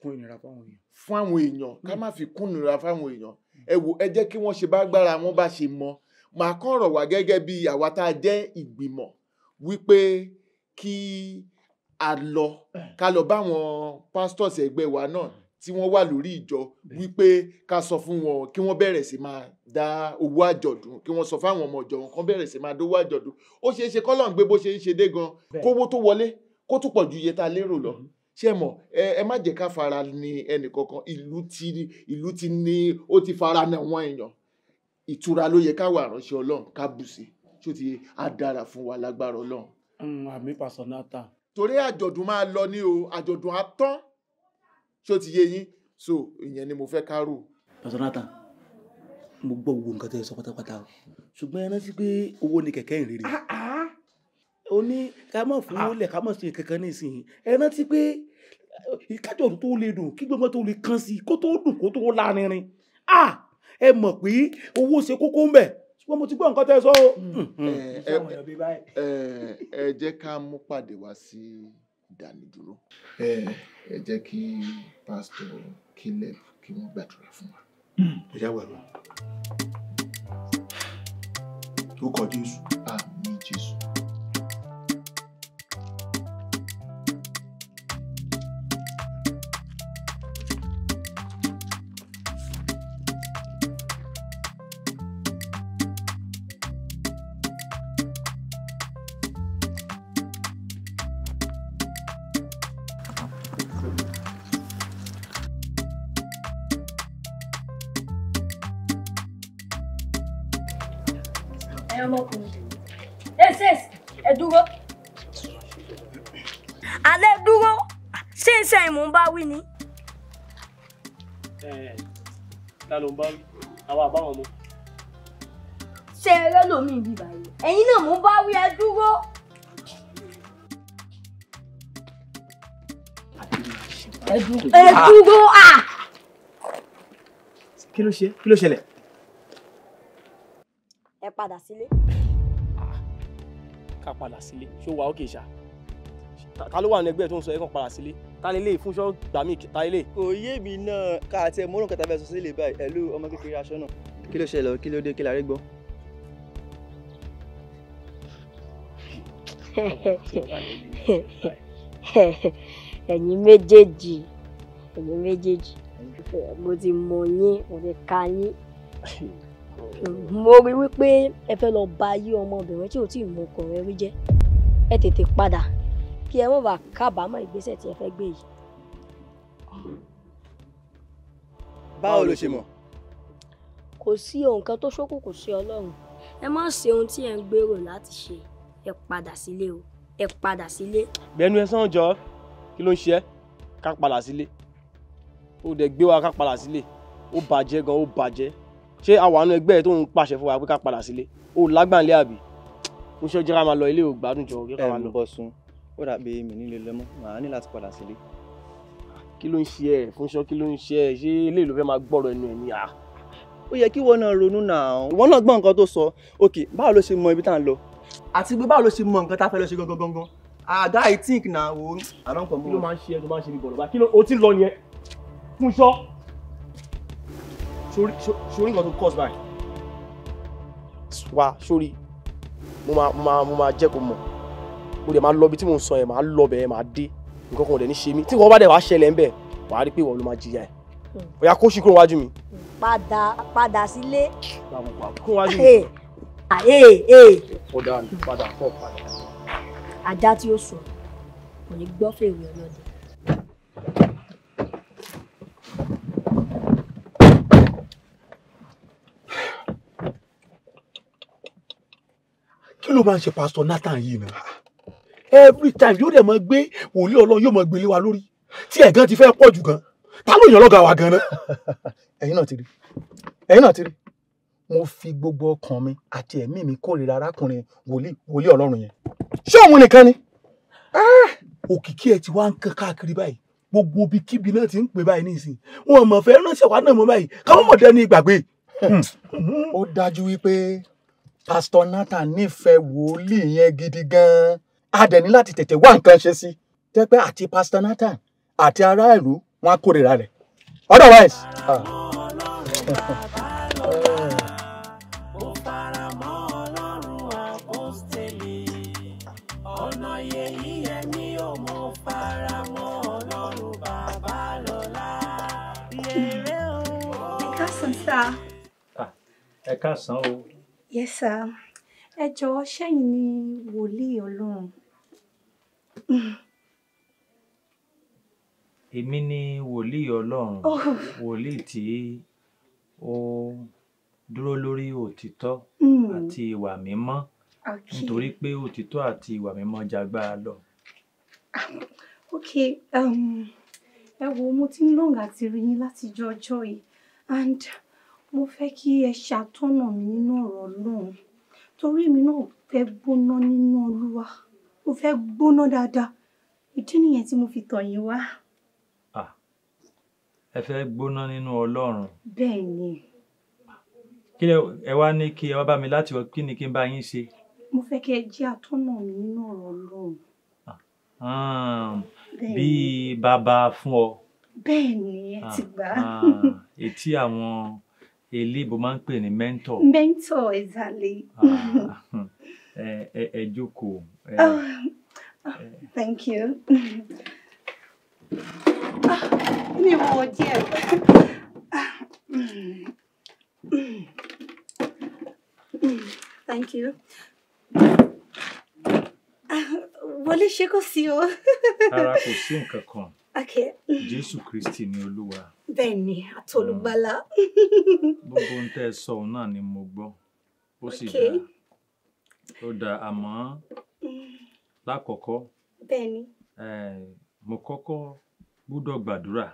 kún ìnira fáwọn èèyàn fún àwọn èèyàn ká má fi kún ìnira fáwọn èèyàn hmm. ẹ wo ẹ jẹ́ kí wọ́n ṣe bágbára wọn bá ṣe mọ́ màá kàn rọ̀ wá gẹ́gẹ́ bí àwa tá a jẹ́ ìgbìmọ̀ wípé kí a lọ ká lọ bá àwọn pastors ẹgbẹ́ wa náà tí wọ́n wà lórí ìjọ wípé ká sọ fún wọn kí wọ́n bẹ̀rẹ̀ sí máa dá owó àjọ̀dún kí wọ́n sọ fáwọn ọmọ ìjọ wọn bẹ̀rẹ̀ sí máa dówó àjọ̀dún ó ṣeé ṣe kọ́lọ̀ ń gbé bó ṣe ń ṣe dé gan kówó tó wọlé kó tún pọ̀ ju iye tá a lérò lọ mm-hmm. ṣé mọ̀ ẹ má jẹ́ ká fara ní ẹnì ìlú ti ní ó ti fara ní àwọn èèyàn ìtura ló yẹ káwa àránṣẹ́ ọlọ́run ká bù sí ṣó ti á dára fún wa lágbára ọlọ́run. Mm, àmì pàṣánátà. torí àjọ̀dún máa lọ ní o àjọ̀dún á tán ṣó ti yé yín so ìyẹn ni mo fẹ́ ká rò. pàṣánátà mo gbọ́ gbogbo nǹkan tó yẹ sọ pátápátá o ṣùgbọ́n ẹ rántí pé owó ni kẹ̀kẹ́ ìrere. o ah, ah. ní ká mọ̀ fún ilẹ̀ ah. ká mọ̀ sí kankan nísìnyí ẹ rántí pé ìkájọ̀dún tó lè dùn kí gbọ́ngbọ́n tó lè kán sí kó tó dùn kó tó lárinrin ah ẹ mọ̀ pé owó ṣe kókó ń bẹ̀ ṣùgbọ́n mo ti gbọ́ nǹkan tẹ́ sọ o. Hmm, hmm. ẹ jẹ́ ká mú pàdé wá sí ìdánidúró ẹ jẹ́ kí pásítọ̀ Caleb kí wọ́n gbàdúrà fún wa. Hmm, ẹ jáwọ́ ẹ̀rọ. ó kọ Jésù. àmín Jésù. ń bá àwọn àbáwọn mu. ṣé eré lomi ìbí báyìí ẹ̀yin náà mo bá wí ẹ dúró. ẹ ah. dúró à. kí ló ṣe kí ló ṣẹlẹ̀. ẹ padà sílé. Ah. ká padà sílé ṣó wàá ó kè ṣá ta ló wà ní tó ń sọ ẹ kàn padà sílé talele ìfúnṣọ gbàmí talele. kò yé mi náà ká àti ẹ mọ́rùn kẹta fẹ́ sọ sílẹ̀ báyìí ẹ̀lú ọmọ kékeré aṣọ náà kí ló ṣẹlẹ̀ kí ló dé kí la gbọ́. ẹ̀yin méjèèjì ẹ̀yin méjèèjì mo ti mọ yín mo ti ka yín mo rí wípé ẹ fẹ́ lọ bà ayé ọmọbìnrin tí ò tí ì mọ ọkọ rẹ rí jẹ́ ẹ tètè padà kí ẹ wọ́n bá kábàámọ̀ ìgbésẹ̀ tí ẹ fẹ́ gbé yìí. báwo ló ṣe mọ̀. kò sí ohun kan tó ṣókùnkùn sí ọlọ́run ẹ má ṣe ohun tí ẹ ń gbèrò láti ṣe ẹ padà sílé o ẹ padà sílé. gbẹnu ẹ sàn jọ kí ló ń ṣe ẹ ká padà sílé ó dẹ gbé wa ká padà sílé ó bàjẹ́ gan ó bàjẹ́ ṣé àwọn àánú ẹgbẹ́ tó ń pàṣẹ fún wa pé ká padà sílé ó lágbàǹlé àbí ń ṣọjọ́ ká máa lọ ilé ò gbádùn jọ kí ká máa lọ. ẹ ń bọ sùn ó dà pé mi nílé lẹ́mọ́ màá ní láti padà sílé. kí ló ń ṣe ẹ Fúnṣọ́ kí ló ń ṣe ẹ ṣé eléyìí ló fẹ́ máa gbọ́rọ̀ ẹnu ẹ̀ ni à. ó yẹ kí wọn náà ronú náà wọn náà gbọ́ nǹkan tó sọ ok báwo ló ṣe mọ ibi tá à ń lọ àti pé báwo ló ṣe mọ nǹkan tá a fẹ́ lọ ṣe gangan gangan àgá i think na o àdánkọ mọ. kí ló máa ń ṣe ẹ ló máa ń ṣe mi bọ̀rọ̀ bá kí ló o ti lọ nìyẹn Fúnṣọ́ sórí nǹkan tó cause báyìí. wá sórí mo máa mo máa jẹ́ kó mọ̀ mo dẹ̀ máa lọ ibi tí mò ń sọ yẹn máa lọ bẹ̀ yẹn máa dé nǹkan kan ò dẹ̀ ní ṣe mí tí wọ́n bá dẹ̀ wá ṣẹlẹ̀ ń bẹ̀ wàá rí pé ìwọ ló máa jìyà ẹ̀ ọ̀yà kó ṣì kúrò wájú mi. padà padà sílé. kúrò wájú mi. ọ̀dà ah, padà kọ̀ padà. ajá tí ó sùn kò ní gbọ́ fèrè ọlọ́dẹ. kí ló máa ń ṣe pásítọ̀ Nathan yìí náà every time yóò dẹ̀ mọ gbé wòlíì ọlọ́run yóò mọ gbélé wa lórí tí ẹ̀gán ti fẹ́ pọ̀ jù gan ta ló yàn lọ́gàá wa gan ná. ẹ̀yin náà ti rí ẹ̀yin náà ti rí mo fi gbogbo ọkàn mi àti ẹ̀mí mi kórìíra arákùnrin wòlíì wòlíì ọlọ́run yẹn ṣé òun nìkan ni. Ah! òkìkí ẹ ti wá ń kan káàkiri báyìí gbogbo ibi kíbi náà ti ń pè báyìí nísìnyí wọn mọ̀ fẹ́ ránṣẹ́ wa náà mọ́ báyìí káwọn mọ̀ dání ìgbàgbé. Hmm. ó dájú wípé pásítọ̀ Nathan nífẹ̀ẹ́ wòlíì yẹn gidi gan-an a dẹ̀ ní láti tètè wá nǹkan ṣe sí tẹ́pẹ́ àti pásítọ̀ Nathan àti aráàlú wọn á kórìíra rẹ̀ otherwise. Ah. sir. Ah, ẹ káàsán o. Yes, sir. Ẹ jọ̀ọ́ ṣẹ́yìn ni wòlíì Ọlọ́run. Èmi ni wòlíì Ọlọ́run, oh. wòlíì tí ó dúró lórí òtítọ́ hmm. àti ìwà mímọ́. Nítorí pé òtítọ́ àti ìwà mímọ́ j'agbára lọ. Okay, um, ẹ wo mo ti ń long àti rí yín láti jọ́ ọjọ́ yìí and mo fẹ́ kí ẹ ṣàtọ́nà mi nínú ọ̀rọ̀ Ọlọ́run torí èmi náà fẹ́ gbóná nínú Olúwa ó fẹ́ gbóná dáadáa ìdí nìyẹn tí mo fi tọ̀ yín wá. ẹ fẹ́ gbóná nínú ọlọ́run. bẹ́ẹ̀ ni. kí ẹ wá ní kí ẹ wá bá mi láti wọ kí ni kí n bá yín ṣe. mo fẹ́ kí ẹ jẹ́ atọ́nà mi nínú ọ̀rọ̀ ọlọ́run. Um, bíi bàbá fún ọ. bẹ́ẹ̀ ni ẹ ti gbà. etí àwọn eléèbó máa ń pè ní mẹ́ńtọ̀. mẹ́ńtọ̀ exactly. è, è, è Yuku. È, oh. oh, thank you. Ah, mi odia. Ah. Mm. Mm. Mm. Thank you. wọlé ṣe kò sí o. ara kò sí nǹkan kan. jésù kristi ni olúwa. bẹ́ẹ̀ ni àtolùgbàlà. gbogbo ohun tẹ́ ẹ sọ òun ó da àmọ́ lákọ̀ọ́kọ́ bẹ́ẹ̀ni mo kọ́kọ́ gbúdọ̀ gbàdúrà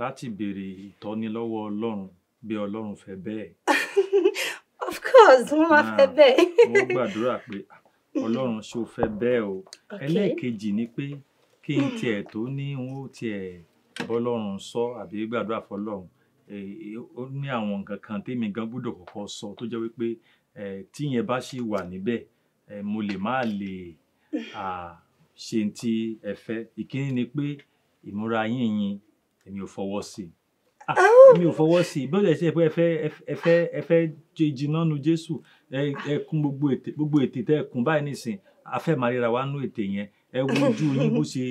láti béèrè ìtọ́ni lọ́wọ́ ọlọ́run bí ọlọ́run fẹ́ bẹ́ẹ̀. of course mo máa fẹ́ bẹ́ẹ̀. mo gbàdúrà pé ọlọ́run ṣó fẹ́ bẹ́ẹ̀ o ẹlẹ́ẹ̀kejì ni pé kí n tiẹ̀ tó ní n ó tiẹ̀ bọ́lọ́run sọ àbí gbàdúrà fọlọ́run e, e, ó ní àwọn nǹkan kan tèmi gan gbúdọ̀ kọ́kọ́ sọ tó jẹ́ wípé tíyẹn bá ṣì wà níbẹ̀ mo lè má lè ṣe tí ẹ fẹ́ ìkíní ni pé ìmúra yín yín èmi ò fọwọ́ sí èmi ò fọwọ́ sí bí ó lè ṣe pé ẹ fẹ́ ẹ fẹ́ ẹ fẹ́ jiná nu Jésù ẹ kún gbogbo ètè gbogbo ètè tẹ́ ẹ kún báyìí nísìn afẹ́ màríra wa nú ètè yẹn ẹ wo ojú yín bó ṣe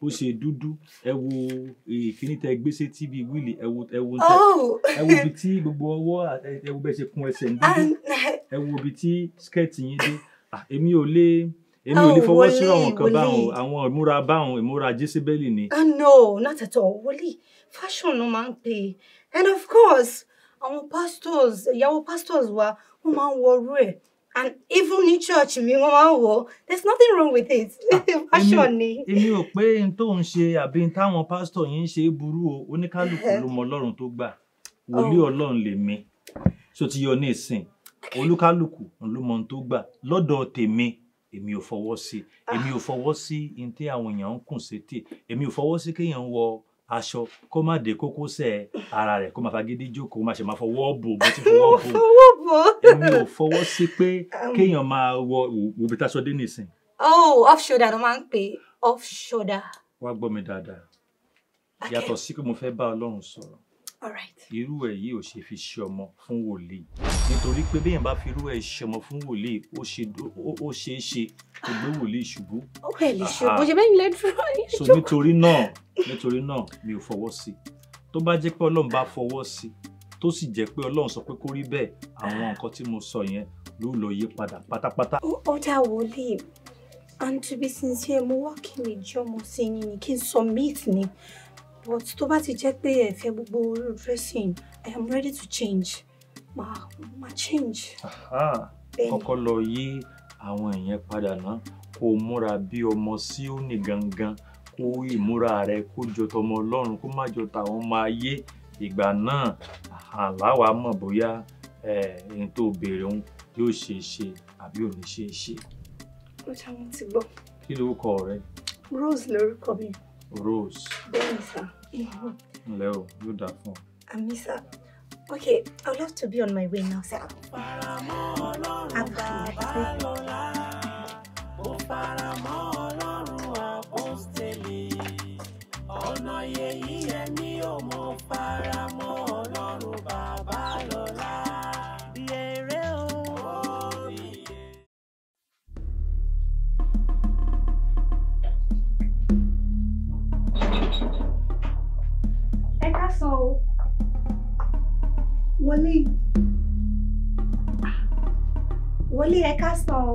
bó ṣe dúdú ẹ wo ìkíní tẹ gbé sí wíìlì ẹ wo ẹ wo ibi tí gbogbo ọwọ́ ẹ wo bẹ ṣe kún ẹsẹ̀ ń dúdú ẹ wo ibi tí skẹ́ẹ̀tì yín dé ah, èmi ò lè èmi ò lè ah, fọwọ́ sí àwọn kan báwọn àwọn ìmúra báwọn ìmúra jésìbẹ́lì ni. Ah, no not at all wòlíì fashion ló máa ń pè é and of course àwọn pastors ìyàwó pastors wa wọ́n máa ń wọrú ẹ̀ and even ní church mi wọ́n máa ń wọ̀ there is nothing wrong with it fashion ni. èmi ò pé n tó ń ṣe àbí táwọn pastor yìí ń ṣe é burú o oníkálukú ló mọ ọlọ́run tó gbà oh. wòlíì ọlọ́run lèmi so ti yọ ní ìsìn olúkálùkù ló mọ ohun tó gbà lọ́dọ̀ tèmi èmi ò fọwọ́ sí ah. èmi ò fọwọ́ sí ní tí àwọn èèyàn ń kùn sétè èmi ò fọwọ́ sí kéèyàn wọ aṣọ kó má dé kókósẹ̀ ara rẹ̀ kó má fagídí jókòó má ṣe má fọwọ́ bò bó ti fọwọ́ bò èmi ò fọwọ́ sí pé um. kéèyàn máa wọ òbí táṣọ dé nìsín. oh off shoulder ló máa ń pè off shoulder. wá gbọ́ mi dáadáa yàtọ̀ sí pé mo fẹ́ bá ọlọ́run sọ̀rọ̀ irú ẹ̀ yìí ò ṣe fi ṣe ọmọ fún wòlíì nítorí pé béèyàn bá fi irú ẹ̀ ṣe ọmọ fún wòlíì ó ṣe é ṣe kó gbé wòlíì ṣubú. ó ẹ̀ lè ṣe bó ṣe bẹ́ẹ̀ lẹ́dúró ní so nítorí náà nítorí náà mi ò fọwọ́ sí i tó bá jẹ́ pé ọlọ́run bá fọwọ́ sí i tó sì jẹ́ pé ọlọ́run sọ pé kó rí bẹ́ẹ̀ àwọn nǹkan tí mo sọ yẹn ló lọ yí padà pátápátá. ó dá wòlíì and to be sincere mo wá kí n lè jẹ́ ọmọ sí yín ni kí n submit ni but tó bá ti jẹ́ pé ẹ gbogbo dressing i am ready to change ma ma change. kọ́kọ́ lọ yí àwọn ìyẹn padà náà kó o múra bí ọmọ sí òní gangan kó ìmúra rẹ kó jọ tọmọ ọlọ́run kó má jọ tàwọn ọmọ ayé ìgbà náà àláwàá mọ̀ bóyá ẹni tó béèrè òun yóò ṣe é ṣe àbí ò ṣe é ṣe. ó ṣàwọn ti gbọ́. kí lorúkọ rẹ. Rose lorúkọ mi. Rose. Bẹ́ẹ̀ni sá. Ǹlẹ́ o, yóò dáa fún ọ. Àmì Okay, I'd love to be on my way now, sir. Faramọ́ Ọlọ́run bàbá lọ́la, mo faramọ́ Ọlọ́run àpọ́stẹ̀lì, ọ̀nà yẹ̀yí ẹni. wọlé wọlé ẹ ká sọ o.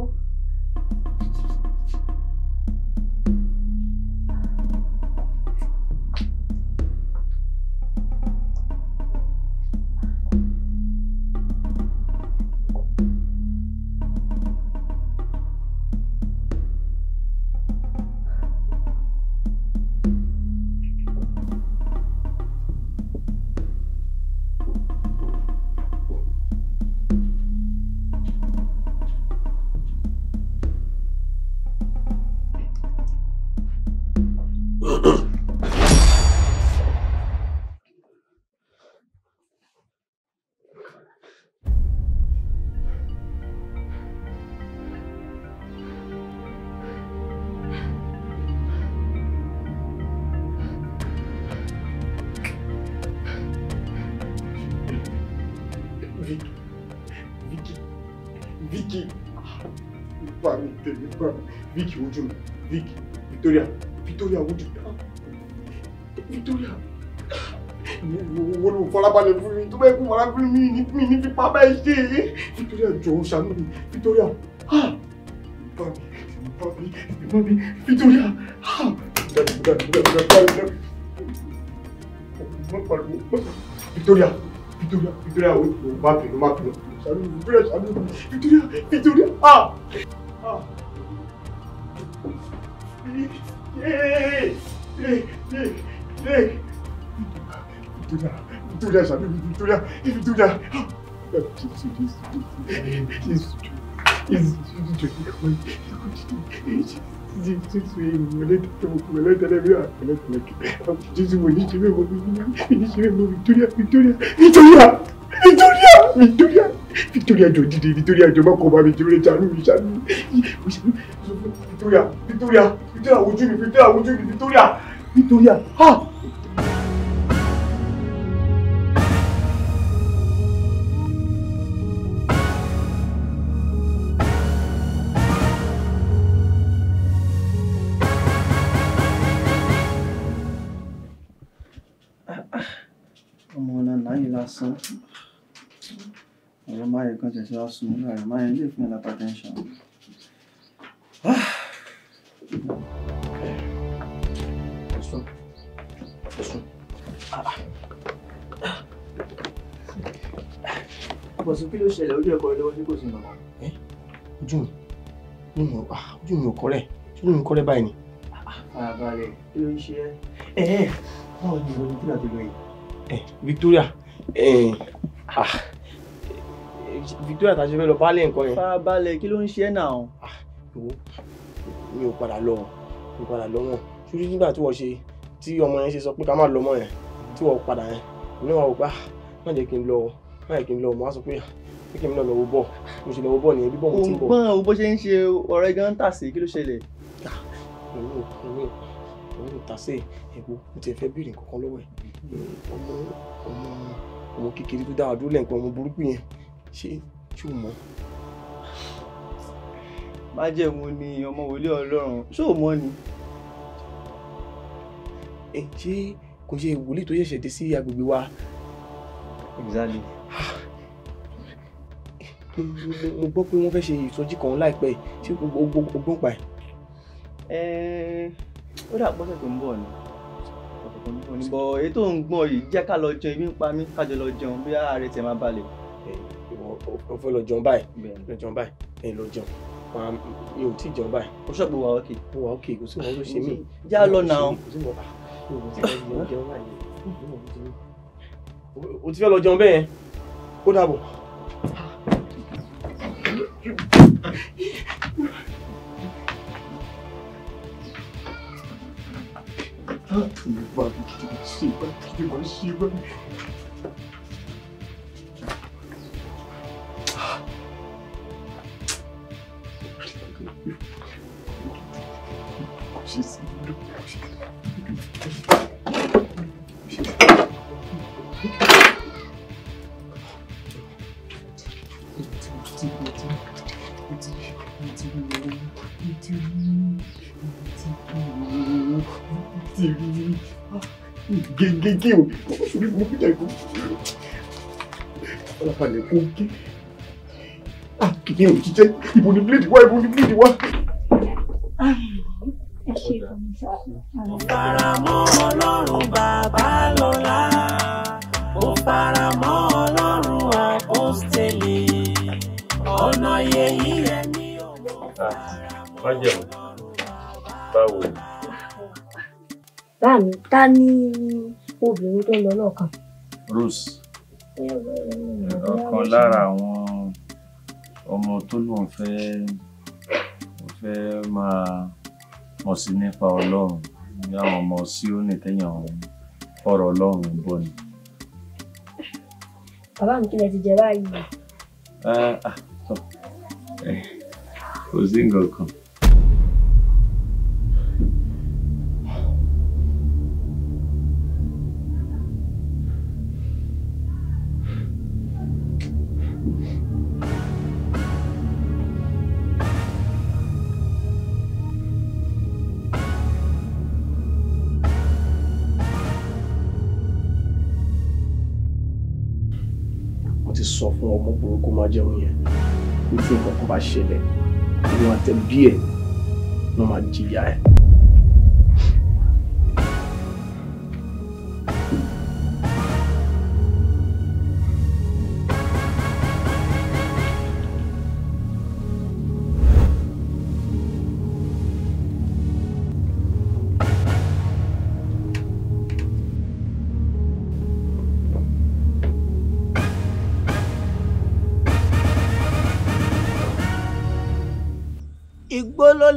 Vic ojú mi Vic Victoria Victoria ojú Victoria wọ́n ló fọlábalẹ̀ fún mi tó bẹ́ẹ̀ kú wọ́n fún mi ní mi ní fipá bẹ́ẹ̀ ṣe é Victoria jọ̀ọ́ ṣàánú mi Victoria bàbí bàbí Victoria Victoria Victoria Victoria o má bínú má bínú ṣàánú Victoria ṣàánú Victoria Victoria ah ah. Hey, hey, Victoria, Victoria, Victoria Victoria, Victoria. Victoria wojú mi Victoria wojú mi Victoria Victoria ha. ọmọ ọ̀nà náyè lásán ọ̀rọ̀ máyè kan tẹ̀síwá sùn láàrin máyè lè fún ẹ̀ lápá tẹ́ńṣọ̀n. Ọ̀ṣun. Ọ̀ṣun. Ọ̀ṣun kí ló ṣẹlẹ̀ ojú ẹ̀kọ́ rẹ lọ́wọ́ sí kò sí mọ̀? Ojú mi ah, ojú mi ò kọ́ rẹ̀ ojú mi kọ́ rẹ̀ báyìí ni. Àbálẹ̀ kí ló ń ṣe ẹ́? Ẹ̀ báwo ni ìròyìn kí làdúgbò yìí? Victoria ah, Victoria tàṣẹ fẹ́ lọ bálẹ̀ nǹkan yẹn. Farabalẹ̀ kí ló ń ṣe náà? Ah, mi ò padà lọ mi ò padà lọ wọn ṣùgbọ́n nígbà tí wọ́n ṣe tí ọmọ yẹn ṣe sọ pé ká má lọ ọmọ yẹn tí wọ́n padà yẹn òní wà wò pé ah, má jẹ́ kí n lọ má jẹ́ kí n lọ ọmọ wá sọ pé pé kí n lọ lọ́wọ́ bọ̀ mo ṣe lọ́wọ́ bọ̀ nìyẹn bí bọ́ọ̀mù ti bọ̀. òun gbọ́n bó ṣe ń ṣe ọ̀rẹ́ gan tà sí kí ló ṣẹlẹ̀. Ah, òun ò tà sí ẹ̀gbọ́n mo ti fẹ́ béèrè nǹkan kan lọ́wọ́ ẹ̀ ọmọ ọmọ ọmọ kékeré tó dára dúró lẹ́ǹkan ọmọ burúkú yẹn ṣé ṣé o mọ̀ májẹ̀mú ni ọmọ wòlé ọlọ́run ṣó o mọ̀ ni. ẹ ṣé kò ṣe ìwòlíì tó ṣẹ̀ṣẹ̀ dé sí agbègbè wa. exactly. mo gbọ́ pé wọ́n fẹ́ ṣe ìsọjí kan láìpẹ́ ṣé ogbó ń pa ẹ̀. ó dà pọ́sẹ̀ tó ń bọ̀ ni bọ̀ èyí tó ń gbọ́n yìí jẹ́ ká lọ jẹun ibi ń pa mí ká jọ lọ jẹun bí ààrẹ tẹ̀ máa balẹ̀. ó lọ jẹun báyìí lọ jẹun báyìí lọ jẹun màá mi ò tí ì jẹun báyìí. o ṣọ́ọ̀bù wa òkè. mo wà òkè kò sí wọn tó ṣe mí. já ah, lọ nà ó. Ah, o ti fẹ́ lọ jẹun bẹ́ẹ̀ ó dàbọ̀. Ah, tu me vas, tu me vas, tu me vas, tu me vas. gégégé o sórí mo fi jẹ́ ọlọ́pàá kó gé ah, kìnìún jíjẹ́ ibo ni bíléèdì wá ibo ni bíléèdì wá. Faramọ́ Ọlọ́run bàbá lọ́la, ó faramọ́ Ọlọ́run àpọ́stélì, ọ̀nà yẹ̀yí ẹni ó faramọ́ Ọlọ́run bàbá lọ́la bá mi ta ní obìnrin tó ń lọ lọ́ọ̀kan. Rose ọ̀kan lára àwọn ọmọ tó lóun fẹ́ fẹ́ máa mọ̀ sí nípa ọlọ́run ní àwọn ọmọ síónì téèyàn ọ̀rọ̀ ọlọ́run ń bọ̀ ni. bàbá mi kílẹ̀ ti jẹ báyìí. kò sí nǹkan kan. mo ti sọ fún ọmọ burúkú má jẹun yẹn wípé nǹkan kan bá ṣẹlẹ̀ ìwọ̀n àtẹ̀bí ẹ̀ ló máa jìyà ẹ̀.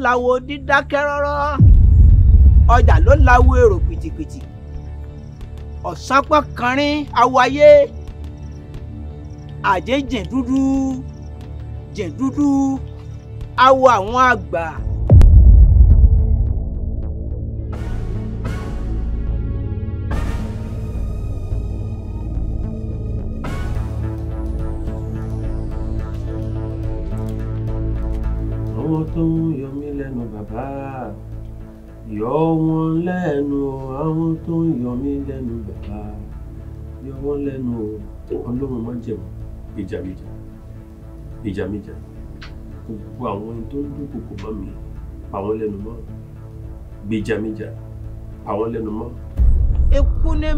láwo dídákẹ́ rọ́rọ́ ọjà ló láwo èrò pìtìpìtì ọ̀sánpọ̀ kanrin awáyé àjẹ́ jìn dúdú jìn dúdú awọ àwọn àgbà. tó yọ wọn lẹ́nu àwọn tó ń yọ mí lẹ́nu bàbá yọ wọn lẹ́nu ọlọ́run má jẹ̀mọ́ ìjàmíjà ìjàmíjà gbogbo àwọn ohun tó ń dúnkòkò mọ́ mi pa wọ́n lẹ́nu mọ́ gbèjàmíjà pa wọ́n lẹ́nu mọ́. ikú ní ń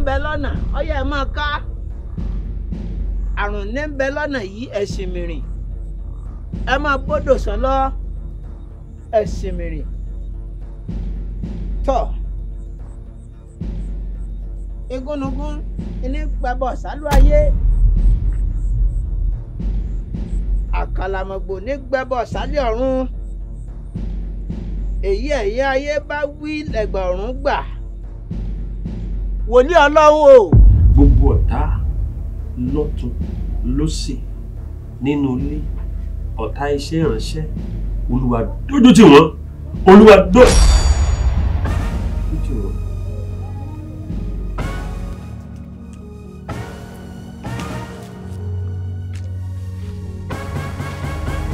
bẹ lọ́nà tọ̀ egúnnugún ní pabọ sálú ayé àkàlàmọ̀gbò ní gbẹ́bọ̀ sálẹ̀ ọ̀run èyí ẹ̀yẹ ayé bá wí lẹ́gbẹ̀ ọ̀run gbà wòlíì ọlọ́run gbogbo ọ̀tá lọ́tún lọ́sì nínú ilé ọ̀tá iṣẹ́ ìránṣẹ́ olúwa dójú tì wọ́n olúwa dójú.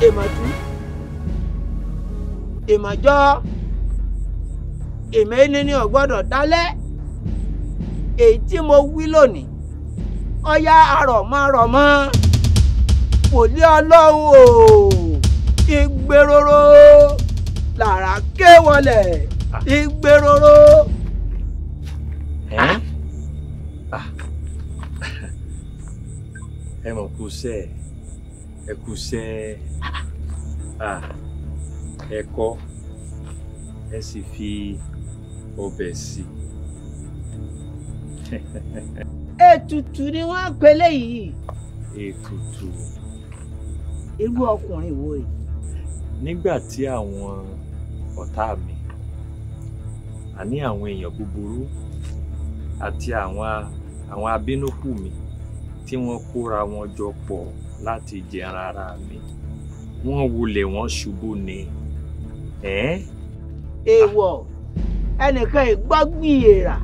èmàtú èmàjọ èmẹ́ni ni ọgbọdọ gbọ́dọ̀ èyí tí mo wí lónìí ọyá arọ̀mọ́rọ̀mọ́ wòlíì ọlọ́run o ìgbéròrò làrá ké wọlé ìgbéròrò. Ah. Ah. ẹ mọ̀ kú sẹ́ẹ̀. ẹkùṣẹ́ ẹ̀kọ ẹ sì fi ọbẹ̀ sí. ètùtù ni wọ́n ń pelé yìí. ètùtù. irú ọkùnrin wo yìí. nígbà tí àwọn ọ̀tá mi àní àwọn èèyàn búburú àti àwọn àwọn abínúkù mi tí wọ́n kóra wọn jọ pọ̀ láti jẹun ara mi wọ́n wulẹ̀ wọ́n ṣubú ni. èèwọ̀ ẹnìkan ìgbọ́gbìn èèrà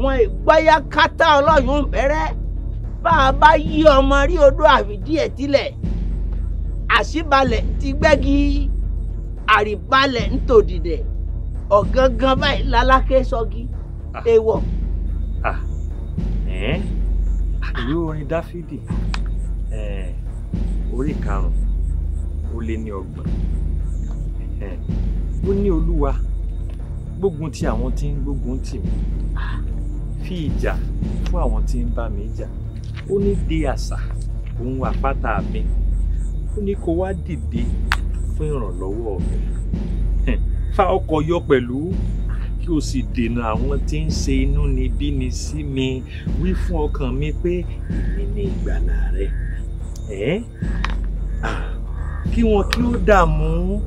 wọn ìgbọ́yà kátá ọlọ́yún bẹ̀rẹ̀ bá a bá yí ọmọ rí odó àfìdí ẹ̀ tilẹ̀ àṣìbalẹ̀ ti gbẹ́gi àrìbalẹ̀ ntòdìdẹ̀ ọ̀gángan báyìí lálákẹ́ sọ́gi ah. èèwọ̀. èyí ah. orin dáfídì Eh, orí karùn-ún ó lé ní ọgbọ̀n eh, ó ní olúwa gbógun ti àwọn tí ń gbógun tì mí fi ìjà fún àwọn tí ń bá mi jà ó ní dé àṣà òun àpáta mi ó ní kó wá dìde fún ìrànlọ́wọ́ mi fa ọkọ̀ yọ pẹ̀lú kí o sì dènà àwọn tí ń ṣe inúnibíni sí mi wí fún ọkàn mi pé èmi ní ìgbàlà rẹ. kí wọn kí ó dààmú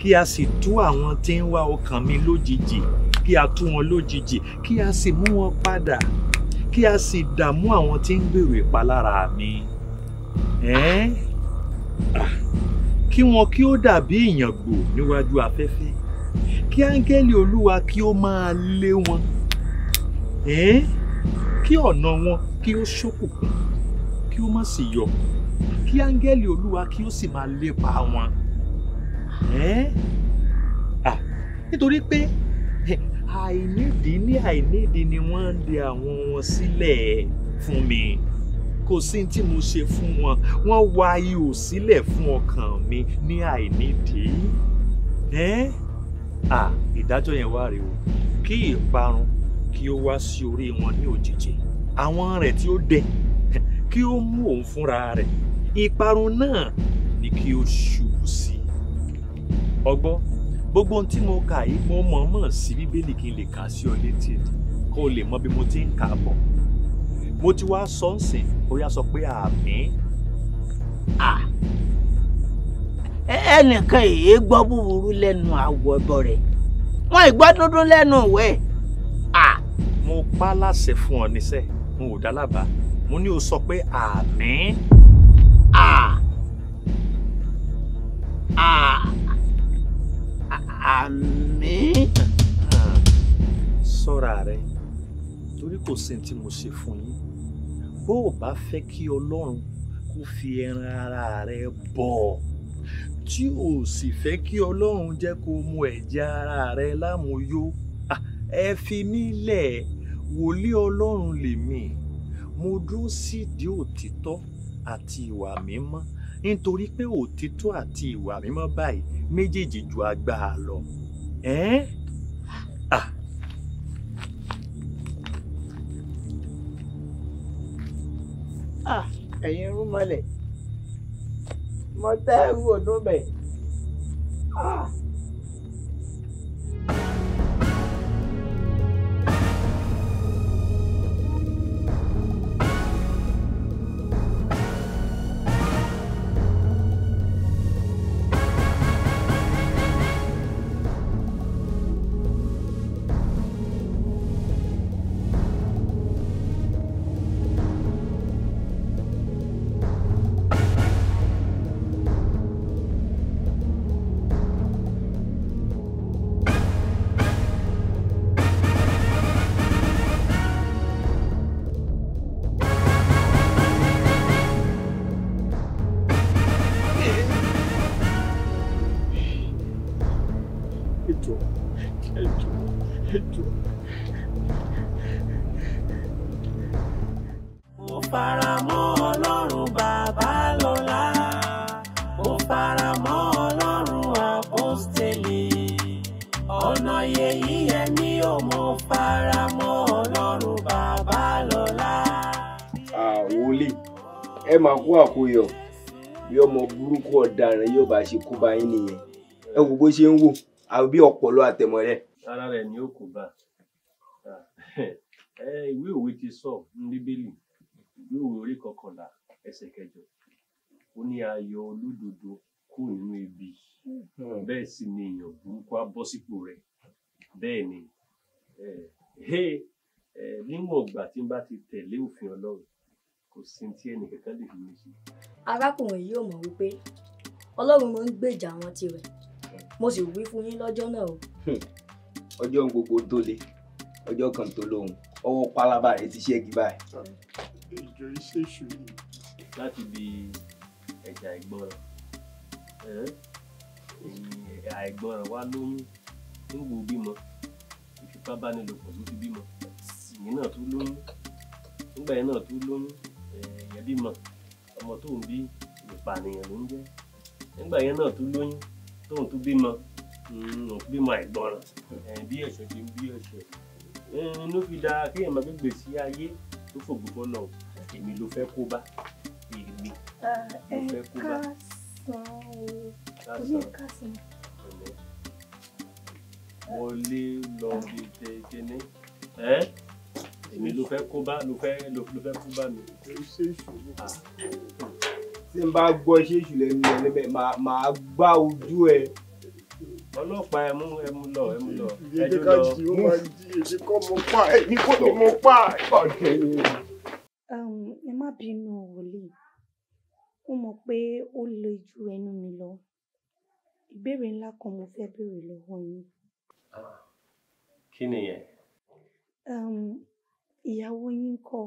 kí a sì tú àwọn tí ń wá ọkàn mi lójijì kí a tú wọn lójijì kí a sì mú wọn padà kí a sì dààmú àwọn tí ń gbèrò ìpalára mi kí wọn kí ó dàbí ìyàngbò níwájú afẹ́fẹ́ kí áńgẹ́lì olúwa kí ó máa lé wọn kí ọ̀nà wọn kí ó ṣókùnkùn kí ó má sì yọ kí áńgẹ́lì olúwa kí ó sì máa lépa wọn nítorí pé àìnídìí ní àìnídìí ni wọ́n ń de àwọn wọn sílẹ̀ fún mi kò sí tí mo ṣe fún wọn wọ́n wa ihò sílẹ̀ fún ọkàn mi ní àìnídìí ìdájọ́ yẹn wá rèé o kí ìparun kí ó wá sí orí wọn ní òjijì àwọn rẹ̀ tí ó dẹ kí ó mú òun fúnra rẹ̀ ìparun náà ni kí o ṣubú sí i ọgbọ́ gbogbo ohun tí mo kà yìí mo mọ̀ọ́mọ̀ sí bíbélì kí n lè kà sí ọ létí o lè mọ ti ń kà á mo ti wá sọ ń sìn ó yá sọ pé àmín à. ẹnìkan èyí gbọ́ búburú lẹ́nu àwọ̀ rẹ̀ wọ́n ìgbọ́ lẹ́nu mo pa ọ níṣẹ́ mo ò dá lábàá o sọ pé àmì sọ́ra rẹ torí kò sí tí mo ṣe fún yín bó o bá fẹ́ kí ọlọ́run kó fi ẹran ara rẹ bọ̀ tí o sì fẹ́ kí ọlọ́run jẹ́ kó mu ẹ̀jẹ̀ ara rẹ lámuyó ẹ fi mí lẹ̀ wòlíì ọlọ́run lèmi mo dúró sídìí òtítọ́ àti ìwà mímọ́ nítorí pé òtítọ́ àti ìwà mímọ́ báyìí méjèèjì ju agbára lọ. Eh? Ah. Ah, ẹ̀yin rún mọ́lẹ̀ mo tẹ́ ẹ̀ Ah. ṣe kó bá yín nìyẹn ẹ wò bó ṣe ń wò àwọn bí ọpọlọ àtẹmọ rẹ. ara rẹ ni ó kò bá eh, ìwé òwe ti sọ ní bíbélì ìwé òwe orí kọkànlá ẹsẹ̀ kẹjọ ó ní ayọ̀ olódodo kò nínú ibi hmm. bẹ́ẹ̀ sì ni èèyàn burúkú á bọ́ sípò rẹ̀ bẹ́ẹ̀ ni eh, eh, níwọ̀n ìgbà tí n bá ti tẹ̀lé òfin Ọlọ́run kò sí ti ẹnì kankan lè fi mí ṣe. arákùnrin yìí ò mọ̀ wípé ọlọ́run mo ń gbèjà wọn tirẹ̀ mo sì wí fún yín lọ́jọ́ náà o. Hmm. ọjọ́ gbogbo tó le ọjọ́ kan tó lóhun ọwọ́ pálábá rẹ ti ṣẹ́gi báyìí. ìjọ iṣẹ́ ìṣòro láti bi ẹ̀jà ìgbọràn àìgbọràn wa ló ń wo bímọ ìfipábánilòpọ̀ ló fi bímọ ìyẹn náà tún lóyún nígbà yẹn náà tún lóyún ẹ̀yẹ bímọ ọmọ tó ń bí ìpànìyàn ló ń jẹ́ nígbà yẹn náà tó lóyún tóun tó bímọ mm, òun bímọ àìgbọràn bí ẹ̀ṣọ́ ṣe ń bí ẹ̀ṣọ́ inú fi da kéèyàn máa gbégbé sí ayé tó fògbó bọ́nà èmi ló fẹ́ kó bá èmi ló fẹ́ kó bá. wọlé lọ bí tẹ́tẹ́ní èmi ló fẹ́ kó bá ló fẹ́ kó bá mi. Ah tí n bá gbọ́ iṣẹ́ èṣù lẹ́nu ẹ̀ níbẹ̀ màá gbá ojú ẹ̀ ọlọ́pàá ẹ mú ẹ mú lọ ẹ mú lọ ẹ lọ mú èdè kọ́ mo pa ẹ ní kó ni mo pa ẹ. ẹ má bínú wòlíì ó mọ̀ pé ó le ju ẹnu mi lọ ìbéèrè ńlá kan mo fẹ́ béèrè lọ́wọ́ yín. kí ni yẹn. ìyàwó yín kọ́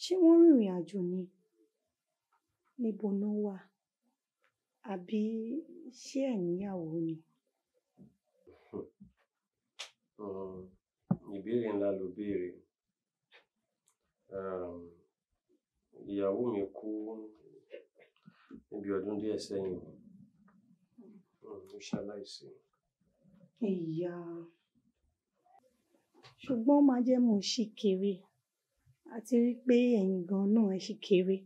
ṣé wọ́n rìnrìn àjò ni níbo ná wà? Àbí ṣé ẹ̀ níyàwó ni? Hmm, ìbéèrè ńlá lo béèrè. Um, ìyàwó mi kú níbi ọdún díẹ̀ sẹ́yìn. Hmm, ó ṣaláìsí. Ìyá. Ṣùgbọ́n ó máa jẹ́ mo ṣì kéré. A ti rí pé ẹ̀yin gan-an náà ẹ ṣì kéré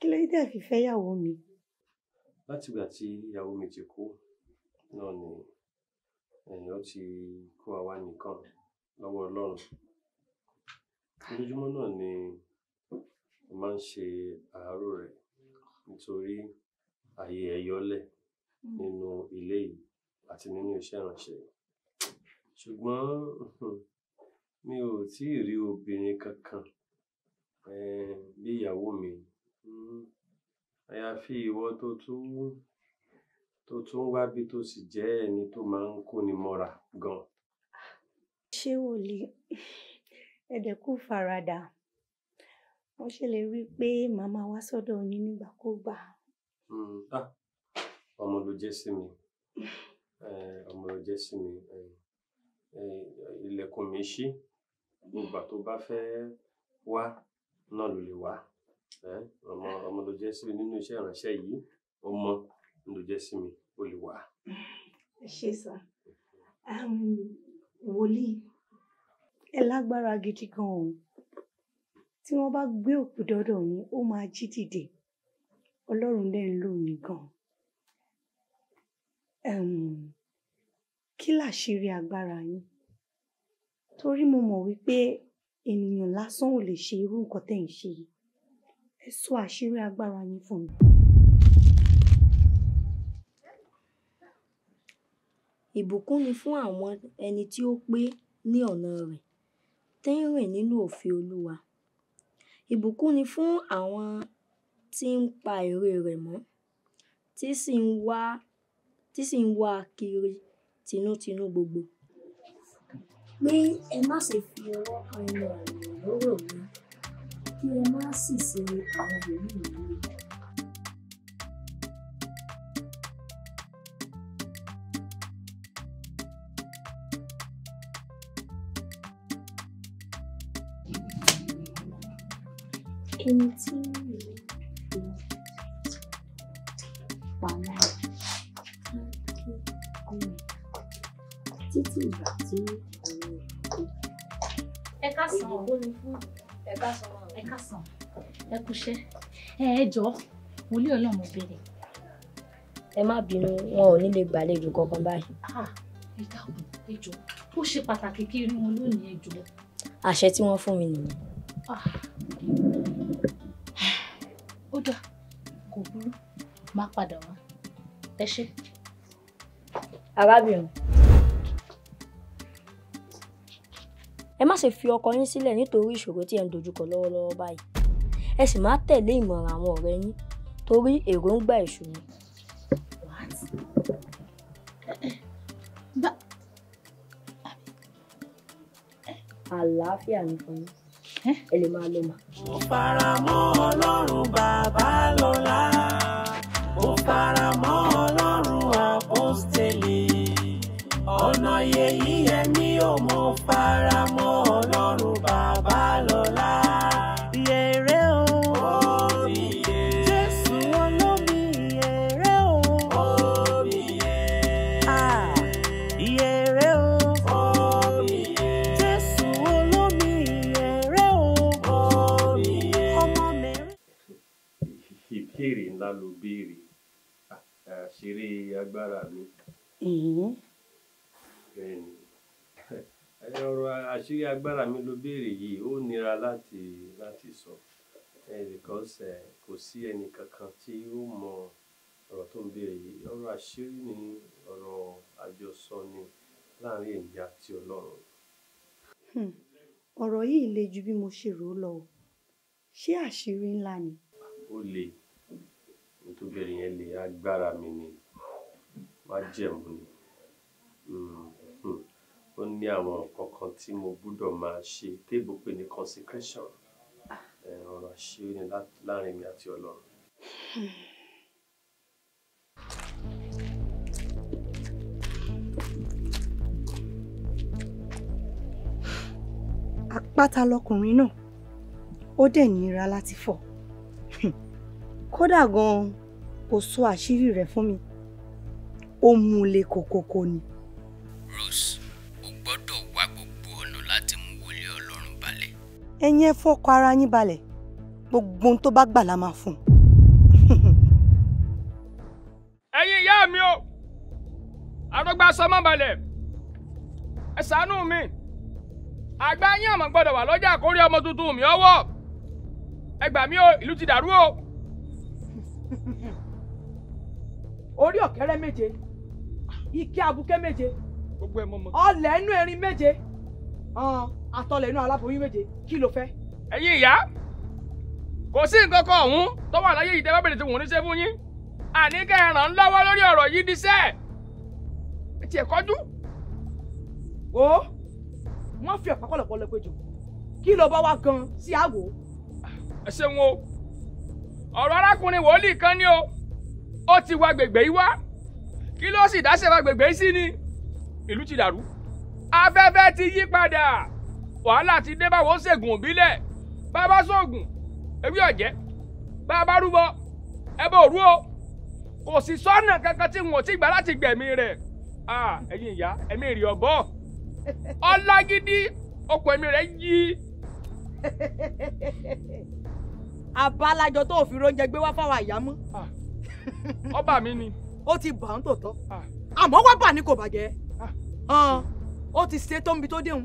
kí ló dé fi fẹ́ yàwó mi. látìgbà tí ìyàwó mi ti kú náà ni ẹ̀yìn ó ti kó àwa nìkan lọ́wọ́ ọlọ́run lójúmọ́ náà ni mo máa ń ṣe àárò rẹ̀ nítorí ààyè ẹ̀yọ́lẹ̀ nínú ilé yìí àti nínú iṣẹ́ ìrànṣẹ́ ṣùgbọ́n mi ò tí ì rí obìnrin kankan bí ìyàwó mi Hmm. àyàfi ìwọ tó tún tó tún wá bí tó sì jẹ́ ẹni tó máa ń kóni mọ́ra gan. ṣé wòlíì farada kú faradà wọ́n ṣèlérí pé màmá wá sọ́dọ̀ yín nígbàkúgbà. Hmm. Ah! ọmọ ló jẹ́ sí mi ọmọ ló jẹ́ sí mi ilẹ̀kùn mi ṣí gbogbo tó bá fẹ́ wá náà ló lè wá ọmọ ọmọ ló jẹ́ sí mi nínú iṣẹ́ ìránṣẹ́ yìí ọmọ ló jẹ́ sí mi olùwà. ẹ ṣe sá wòlíì ẹ lágbára gidi gan o tí wọ́n bá gbé òkú dọ́dọ̀ yín ó máa jí dìde ọlọ́run lẹ ń lò yín gan kí làṣírí agbára yín torí mo mọ̀ wípé ènìyàn lásán ò lè ṣe irú nǹkan tẹ́ ń ṣe yìí ẹ sọ àṣírí agbára yín fún mi. ìbùkún ni fún àwọn ẹni tí ó pé ní ọ̀nà rẹ̀ tí ń rìn nínú òfin Olúwa. Ìbùkún ni fún àwọn tí ń pa ère rẹ̀ mọ́, tí sì ń wá tí sì ń wá a kiri tinútinú gbogbo. Pé ẹ má ṣe fi ọwọ́ kan ẹnu àlùmọ́ọ́rọ̀ mi kí ẹ má sì ṣe àwọn wòlíì yìí. ẹni tí ẹ kúṣẹ́ ẹ jọ wòlíì ọlọ́run béèrè. ẹ má bínú wọn ò ní lè gbàlejò kankan báyìí. Ah, ẹ dákun ẹ jọ ó ṣe pàtàkì kí irú wọn lónìí ẹ jọ. àṣẹ tí wọ́n fún mi nìyẹn. Ah. ó dà kò burú má padà wá ẹ ṣe. arábìnrin ẹ má ṣe fi ọkọ yín sílẹ̀ nítorí ìṣòro tí ẹ ń dojúkọ lọ́wọ́lọ́wọ́ báyìí ẹ sì máa tẹ̀lé ìmọ̀ràn àwọn ọ̀rẹ́ yín torí èròǹgbà èṣù ni. àlàáfíà ni fún yín ẹ lè máa lọ mà. mo fara mọ́ ọlọ́run bàbá lọ́la mo fara mọ́ ọlọ́run àpọ́stélì ọ̀nà yẹ̀yí yẹn mi ò mo fara mọ́ ọlọ́run bàbá lọ́la. kékeré agbára mi. bẹ́ẹ̀ni ọ̀rọ̀ àṣírí agbára mi ló béèrè yìí ó nira láti láti sọ because kò sí ẹnì kankan tí ó mọ ọ̀rọ̀ tó ń béèrè yìí ọ̀rọ̀ àṣírí ni ọ̀rọ̀ àjọsọ ni láàrin èmi àti Ọlọ́run. Hmm. ọ̀rọ̀ yìí le ju bí mo ṣe rò ó lọ ṣé àṣírí ńlá ni. ó le tó bẹ̀rẹ̀ yẹn lè agbára mi ni májẹ̀mú ni hmm, hmm. ó ní àwọn nǹkan kan tí mo gbúdọ̀ máa ṣe téèbù pè ní consecration ah. ọ̀rọ̀ ṣe ni láàrin mi àti ọlọ́run. àpáta lọkùnrin náà ó dẹ̀ nira láti fọ̀ kódà gan-an o sọ àṣírí rẹ̀ fún mi ó mú un le kòkòkò ni. Rose o gbọ́dọ̀ wá gbogbo ọ̀nà láti mú wọlé Ọlọ́run balẹ̀. ẹ̀yin ẹ fọkọ ara yín balẹ̀ gbogbo ohun tó bá gbà la máa fún un. ẹ̀yin ìyá mi o àrògbà sọmọ balẹ̀ ẹ ṣàánú mi àgbà yín àmọ́ gbọ́dọ̀ wà lọ́jà àkórí ọmọ tuntun mi ọwọ́ ẹ gbà o ìlú ti dàrú o. orí ọ̀kẹ́rẹ́ méje ike abuké méje gbogbo ẹ mọ mọ. ọlẹ̀ inú erin méje àtọlẹ̀ inú aláboyún méje kí ló fẹ́. ẹ̀yin ìyá kò sí nǹkan kan ọ̀hún tó wà láyé yìí tẹ́ bá bèrè tí wọ́n ní ṣe fún yín àní kẹ́ ẹ ràn án lọ́wọ́ lórí ọ̀rọ̀ yìí di sẹ́ẹ̀ ẹ tiẹ̀ kọjú. wo wọ́n fi ọ̀pá pọ̀lọpọ̀ lọ pé jù kí ló bá wá gan sí àgò. ẹ ṣeun o ọ̀rọ̀ arákùnrin wòlíì kan ni o ó ti wá gbègbè yìí wá kí ló sì dáṣẹ́ wá gbègbè yìí sí ni ìlú ti dàrú afẹ́fẹ́ ti yí padà wàhálà ti dé báwo ṣègùn òbílẹ̀ bàbá sóògùn ewé ọ̀jẹ́ bàbá rúbọ ẹbọ òru o kò sì sọ́nà kankan tí wọn ò ti gbà láti gbẹ̀mí rẹ̀ ẹ̀yin ìyá ẹ̀mí rí ọ̀bọ ọlágídí okùn ẹ̀mí rẹ̀ yí. àbálàjọ tó fi róúnjẹ gbé wá fáwọn àyà mú ọba mi ni. ó ti bà ń tòótọ́ àmọ́ wá bà ní kò bàjẹ́ ó ti ṣe tó ń bi tó déhùn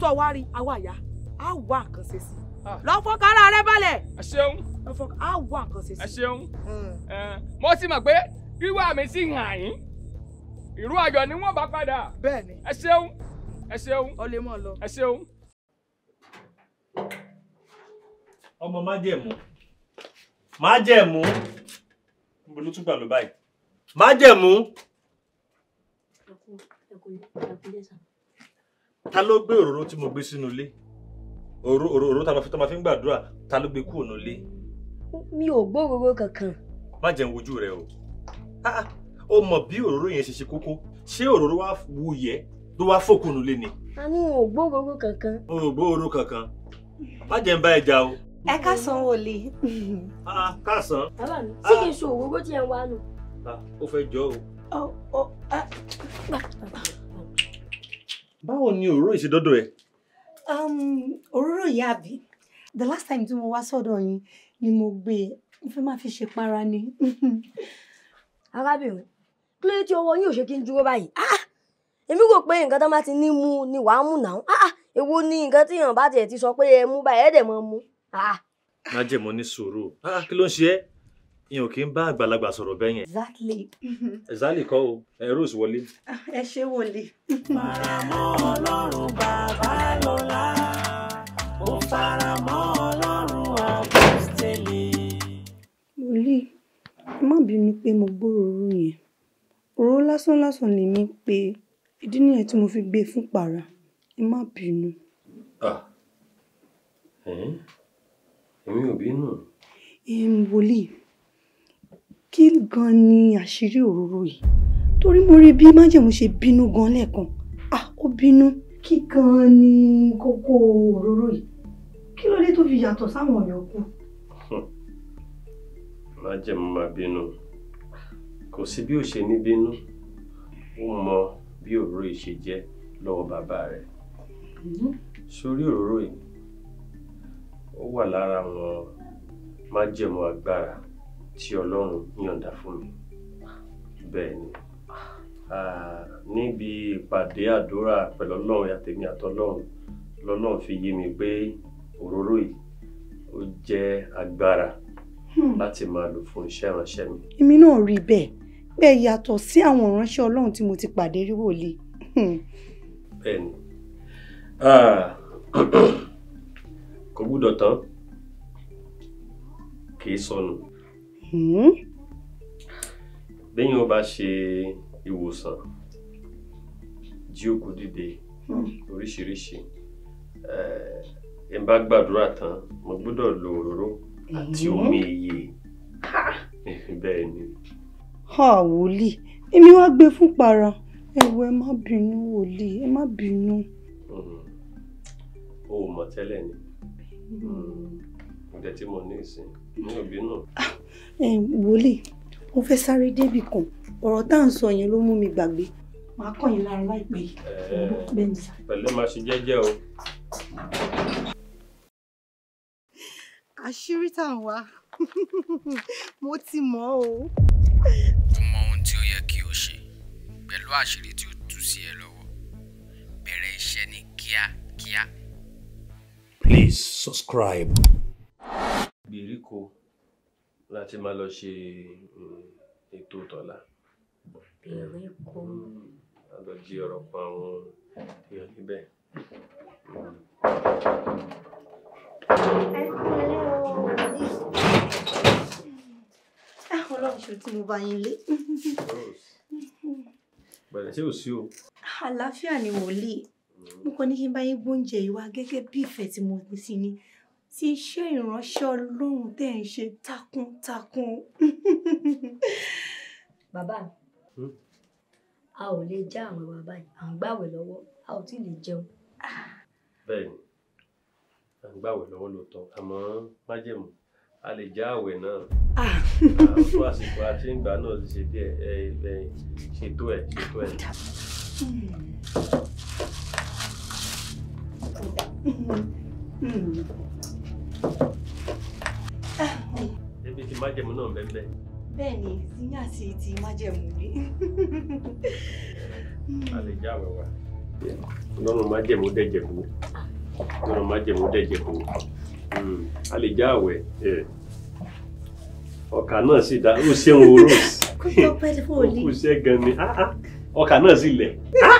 tó wá rí àwa àyà á wá àkànṣe sí i lọ fọkàrà rẹ balẹ̀. ẹ ṣeun á wá àkànṣe sí i. ẹ ṣeun mo ti mọ̀ pé wíwá mi sì hàn yín ìrú ayọ̀ ni wọ́n bá padà. bẹ́ẹ̀ni ẹ ṣeun ẹ ṣeun ọ lè mọ lọ ẹ ṣeun. ọmọ májẹ̀mú májẹ̀mú níbo ló tún gbà lọ báyìí. májẹ̀mú. ta ló gbé òróró tí mo gbé sínú ilé òróró tá a máa fi ń gbàdúrà ta ló gbé kúrò nílé. mi ò gbóróró kankan. má jẹun wojú rẹ o ó ah, ah, mọ bí òróró yẹn ṣe ṣe kókó ṣé òróró wa wù yẹ ló wá fòkùnù lé ni. àmì ò gbóróró kankan. ò gbóróró kankan má jẹun bá ẹ jà o ẹ káàsán wòlíì. káàsán. bàbá ah, mi ah. ṣé kìí ṣe òwò bó ti ẹ̀ ń wá nù. Ah, ó fẹ́ jọ o. Oh, oh, báwo ni òróró ìṣedọ́dọ̀ ẹ. Um, òróró ìyá àbí the last time tí mo wá sọ́dọ̀ yín ni mo gbé e mo fẹ́ máa fi ṣe para ni. arábìnrin kí ló dé tí ọwọ́ yín ò ṣe kí n dúró báyìí èmi rò pé nǹkan tó bá ti ní mu ni wàá mú náà èwo ni nǹkan tí èèyàn bá tiẹ̀ ti sọ pé ẹ mú báyìí ẹ̀ dẹ̀ mọ́ mú. Ah. májèmọ ní sùúrù ah, kí ló ń ṣe ẹ́ ìyẹn ò kí ń bá àgbàlagbà sọ̀rọ̀ bẹ́ẹ̀ yẹn. exactly. Mm-hmm. exactly kọ́ o ẹ̀rọ òsì wọlé. Ah, ẹ ṣe wọlé. faramọ́ ọlọ́run bàbá lọ́la ó faramọ́ ọlọ́run ọ̀gbọ́sítẹ́lì. wòlíì má bínú pé mo gbóròrò yẹn òró lásán lásán lèmi pé ìdí nìyẹn tí mo fi gbé e fún para ẹ má bínú. ah. Hmm? èmi ò bínú. wòlíì kí gan ni àṣírí òróró yìí torí mo rí bí májèmú ṣe bínú gan lẹ́ẹ̀kan ah ó bínú kí gan ni kókó òróró yìí kí ló dé tó fi yàtọ̀ sáwọn yòókù. májèmú máa bínú kò sí bí ó ṣe ní bínú ó mọ bí òróró yìí ṣe jẹ́ lọ́wọ́ bàbá rẹ̀ sórí mm-hmm. òróró yìí ó wà lára àwọn májẹ̀mú agbára tí ọlọ́run yọ̀ǹda fún mi bẹ́ẹ̀ ni níbi ìpàdé àdúrà pẹ̀lú ọlọ́run àtẹ̀mí àtọlọ́run lọ́lọ́run fi yé mi pé òróró yìí ó jẹ́ agbára hmm. láti máa lò fún iṣẹ́ ìránṣẹ́ mi. èmi náà rí bẹ́ẹ̀ bẹ́ẹ̀ yàtọ̀ sí àwọn ìránṣẹ́ ọlọ́run tí mo ti pàdé rí wòlíì. Hmm. bẹ́ẹ̀ ni. kò gbúdọ̀ tán kì í sọnù. Hmm? bẹ́yìn ó bá ṣe ìwòsàn jí òkú dìde hmm. oríṣiríṣi ẹ bá gbàdúrà tán mo gbúdọ̀ lo òróró àti hmm? omi iye bẹ́ẹ̀ ni. wòlíì èmi wá gbé fún para ẹ̀wọ̀ ẹ má bínú wòlíì ẹ má bínú. o ò mọ̀ tẹ́lẹ̀ ni ǹjẹ́ hmm. tí mo ní ìsìn ní òbí náà. Ah, wòlíì mo fẹ́ sáré débì kan ọ̀rọ̀ tá à ń sọ yẹn ló mú mi gbàgbé màá kàn yín lára láìpẹ́ yìí. Eh, pẹ̀lú máa ṣe jẹ́jẹ́ o. àṣírí tá à ń wá mo ti mọ̀ ọ́ o. mo mọ ohun tí ó yẹ kí o ṣe pẹ̀lú àṣírí tí please subscribe. gbèríko láti máa lọ ṣe mm, ètò tọ́lá. gbèríko. a lọ jí ọ̀rọ̀ pa àwọn èèyàn níbẹ̀. Ah, ọlọ́run ṣe tí mo bá yín lé. bẹ̀rẹ̀ tí ò sí o. àlàáfíà ni wòlíì mo kàn ní kí n bá yín gbóúnjẹ yìí gẹ́gẹ́ bí ìfẹ́ tí mo ní sí ni tí iṣẹ́ ìránṣẹ́ ọlọ́run tẹ̀ ń ṣe takuntakun. bàbá hmm? a ò lè já àwọn ìwà báyìí à ń gbàwẹ̀ lọ́wọ́ a ò tí ì lè jẹun. bẹ́ẹ̀ni à ń gbàwẹ̀ lọ́wọ́ lóòótọ́ àmọ́ májèmú a lè já àwẹ̀ náà fún ah. àsìkò àti ìgbà náà ṣe díẹ̀ ṣètò ẹ̀ ṣètò ẹ̀. Hmm ebi ti májẹ̀mú náà bẹ́ẹ̀ bẹ́ẹ̀ ni tiyín àti ti májẹ̀mú ni. a lè já àwẹ̀ wa lọ́rùn májẹ̀mú dẹ̀jẹ̀kú lọ́rùn májẹ̀mú dẹ̀jẹ̀kú hmm, a lè já àwẹ̀ ọkà náà sì dá ó ṣeun o rose kó tó pẹ́ fún òní kó tó ṣe gan ni ah, ah. ọkà náà sì lẹ̀. Ah!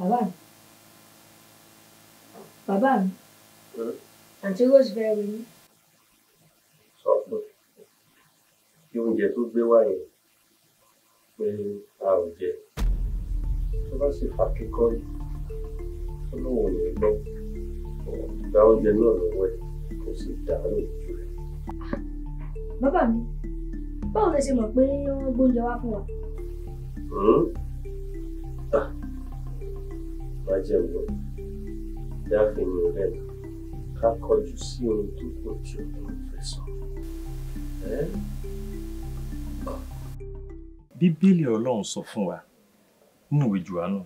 Bàbá mi. Bàbá mi. Àǹtí Rose fẹ́ rí mi. Sọ fún un kí oúnjẹ tó gbé wá yẹn pé a ò jẹ. Tó bá sì fa kíkọ́ yìí, ó lóun ò ní gbọ́. Gba oúnjẹ náà lọ́wọ́ ẹ̀ kò sì dàrú ìjú rẹ̀. Bàbá mi, báwo lẹ ṣe mọ̀ pé wọ́n gbóúnjẹ wá fún wa? Hmm? Ah, májẹ̀mú ẹ̀ dáfínì rẹ̀ ká kọjú sí ohun tó kù tí òun fẹ́ sọ. bíbélì ọlọ́run sọ fún wa nínú ìwé Jòhánù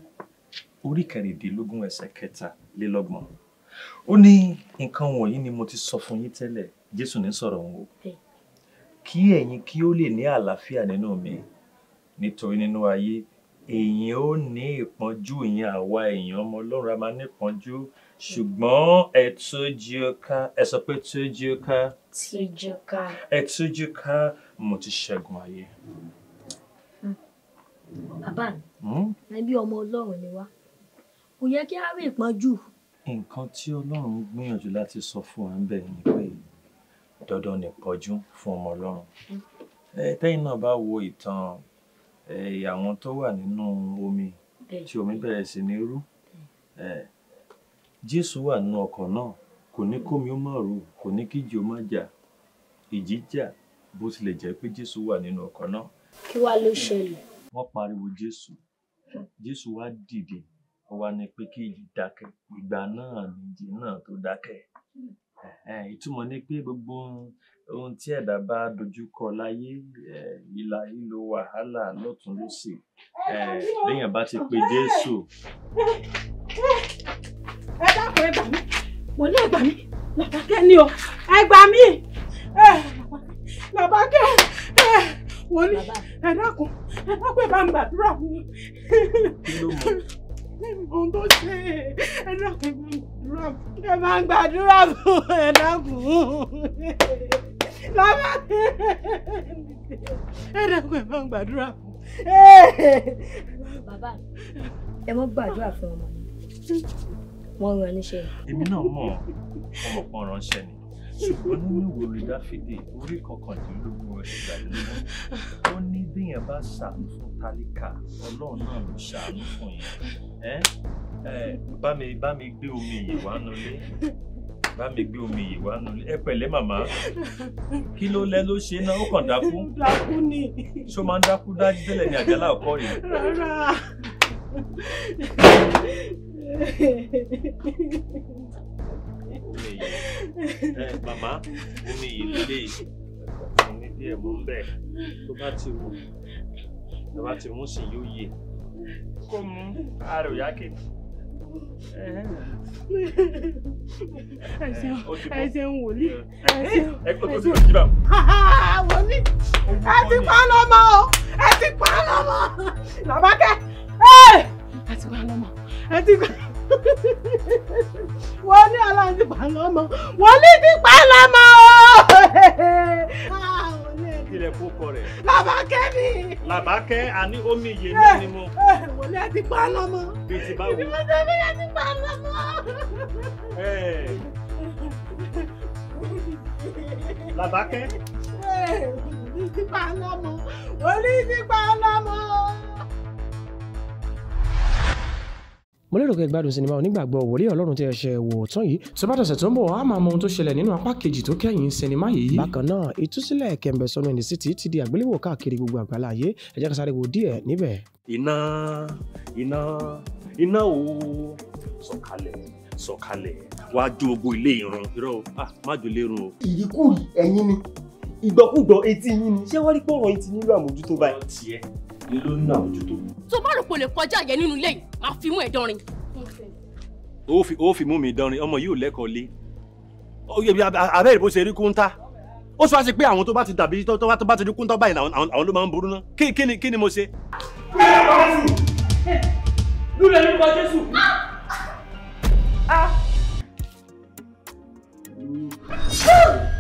orí kẹrìndínlógún ẹsẹ̀ kẹtàlélọ́gbọ̀n ó ní nǹkan wọ̀nyí ni mo ti sọ fún yín tẹ́lẹ̀ Jésù ní sọ̀rọ̀ òun o kí ẹ̀yin kí ó lè ní àlàáfíà nínú mi nítorí nínú ayé èèyàn ó ní ìpọ́njú ìyẹn àwa èèyàn ọmọ ọlọ́run a máa ní ìpọ́njú hmm. ṣùgbọ́n ẹ tójú ká ẹ sọ pé tójú ká tójú ká ẹ tójú ká mo ti ṣẹ́gun ayé. Hmm. bàbá mi hmm? ẹbí ọmọ ọlọ́run ni wá kò yẹ kí á rí ìpọ́njú. nǹkan tí ọlọ́run gbìyànjú láti sọ fún wa ń bẹ̀ ni pé dandan ni ìpọ́njú fún ọmọ ọlọ́run tẹ́yìn náà bá wo ìtàn àwọn tó wà nínú omi tí omi bẹ̀rẹ̀ sí ní rú Jésù wà nínú ọkọ̀ náà kò ní kómi ó má rú kò ní kíjì ó má jà ìjì jà bó tilẹ̀ jẹ́ pé Jésù wà nínú ọkọ̀ náà. kí wàá ló ṣẹlẹ̀. wọ́n pariwo Jésù Jésù wá dìde ó wá ní pé kí ìjì dákẹ́ ìgbà náà nìjì náà tó dákẹ́ ìtumọ̀ ni pé gbogbo ohun tí ẹ̀dá bá dojúkọ láyé ìlà wàhálà lọ́tùn bá ti pe Jésù. ẹ dákun ẹ gbà mí ní bàbá ni o ẹ gbà mí ní ẹ dákun ẹ dákun ẹ bá ń gbàdúrà fún lọ́mọ ẹ Eh, ẹ máa ń gbàdúrà Eh, bàbá ẹ mọ gbàdúrà fún ọmọ mi wọn ràn níṣẹ́. èmi náà mọ̀ ọmọ kan ránṣẹ́ ni ṣùgbọ́n nínú ìwòrè dáfídì orí kọkàndínlógún oṣù gbàdúrà ó ní bíyàn bá ṣàánú fún tálíkà ọlọ́run náà ló ṣàánú fún yẹn bá mi gbé omi yìí wá nulẹ̀ bá mi gbé omi yìí wá nulẹ̀ ẹ pẹ̀lẹ́ màmá kí ló lẹ ló ṣe náà ó kàn dákú. dákú ni. ṣó máa ń dákú dájú tẹ́lẹ̀ ní àjálá ọkọ yìí. rárá. omi yìí ẹ màmá omi yìí lè ní díẹ̀ mú bẹ́ẹ̀ tó bá ti wù tó bá ti mú sí yóò yè kó mú àròyá kéde. Eh, eh, eh, ẹ ṣeun ti pa lọ́mọ o ti pa lọ́mọ kílẹ̀ kó kọ rẹ̀. làbákẹ́ ni. làbákẹ́ àní omi iye eh, mi ni mo. wòlé eh, ti pa á lọ́mọ. bí ti bá wù. ìdìbò sẹ́mi yẹn ti pa á lọ́mọ. Eh. làbákẹ́. bí ti pa á lọ́mọ. orí ti pa á lọ́mọ. mo lérò pé gbádùn sinimá onígbàgbọ́ wòlíì ọlọ́run tí ẹ ṣe wò tán yìí tó tó ń bọ̀ á máa mọ ohun tó ṣẹlẹ̀ nínú apá kejì tó kẹ́yìn sinimá yìí. bákan náà ìtúsílẹ̀ kẹ̀mbẹ̀sọ́nù in the city ti di àgbéléwò káàkiri gbogbo àgbàlá ayé ẹ jẹ́ ká sáré wo díẹ̀ níbẹ̀. iná iná iná o sọ̀kalẹ̀ sọ̀kalẹ̀ wàá jó gbogbo ilé ìrun irọ́ ah má jò lérun o. ẹ̀yin ni ìgbọ́kúgbọ́ etí yín ni ṣé wọ́n rí pọ̀rọ̀ etí nílò àmójútó báyìí ni ló ń nà ojútó. tó bá rò pé o lè kọjá àyẹ nínú ilé yìí máa fi mú ẹ dánrin. ó fi ó fi mú mi dánrin ọmọ yìí ò lẹ́kọ̀ọ́ lé abẹ́rẹ́ bó ṣe rí kúńtà ó sọ wá sí pé àwọn tó bá ti dàbí tó bá tó bá ti rí kúńtà báyìí àwọn ló máa ń burú ná kí ni kí ni mo ṣe. lúlẹ̀ lórúkọ Jésù. Ah!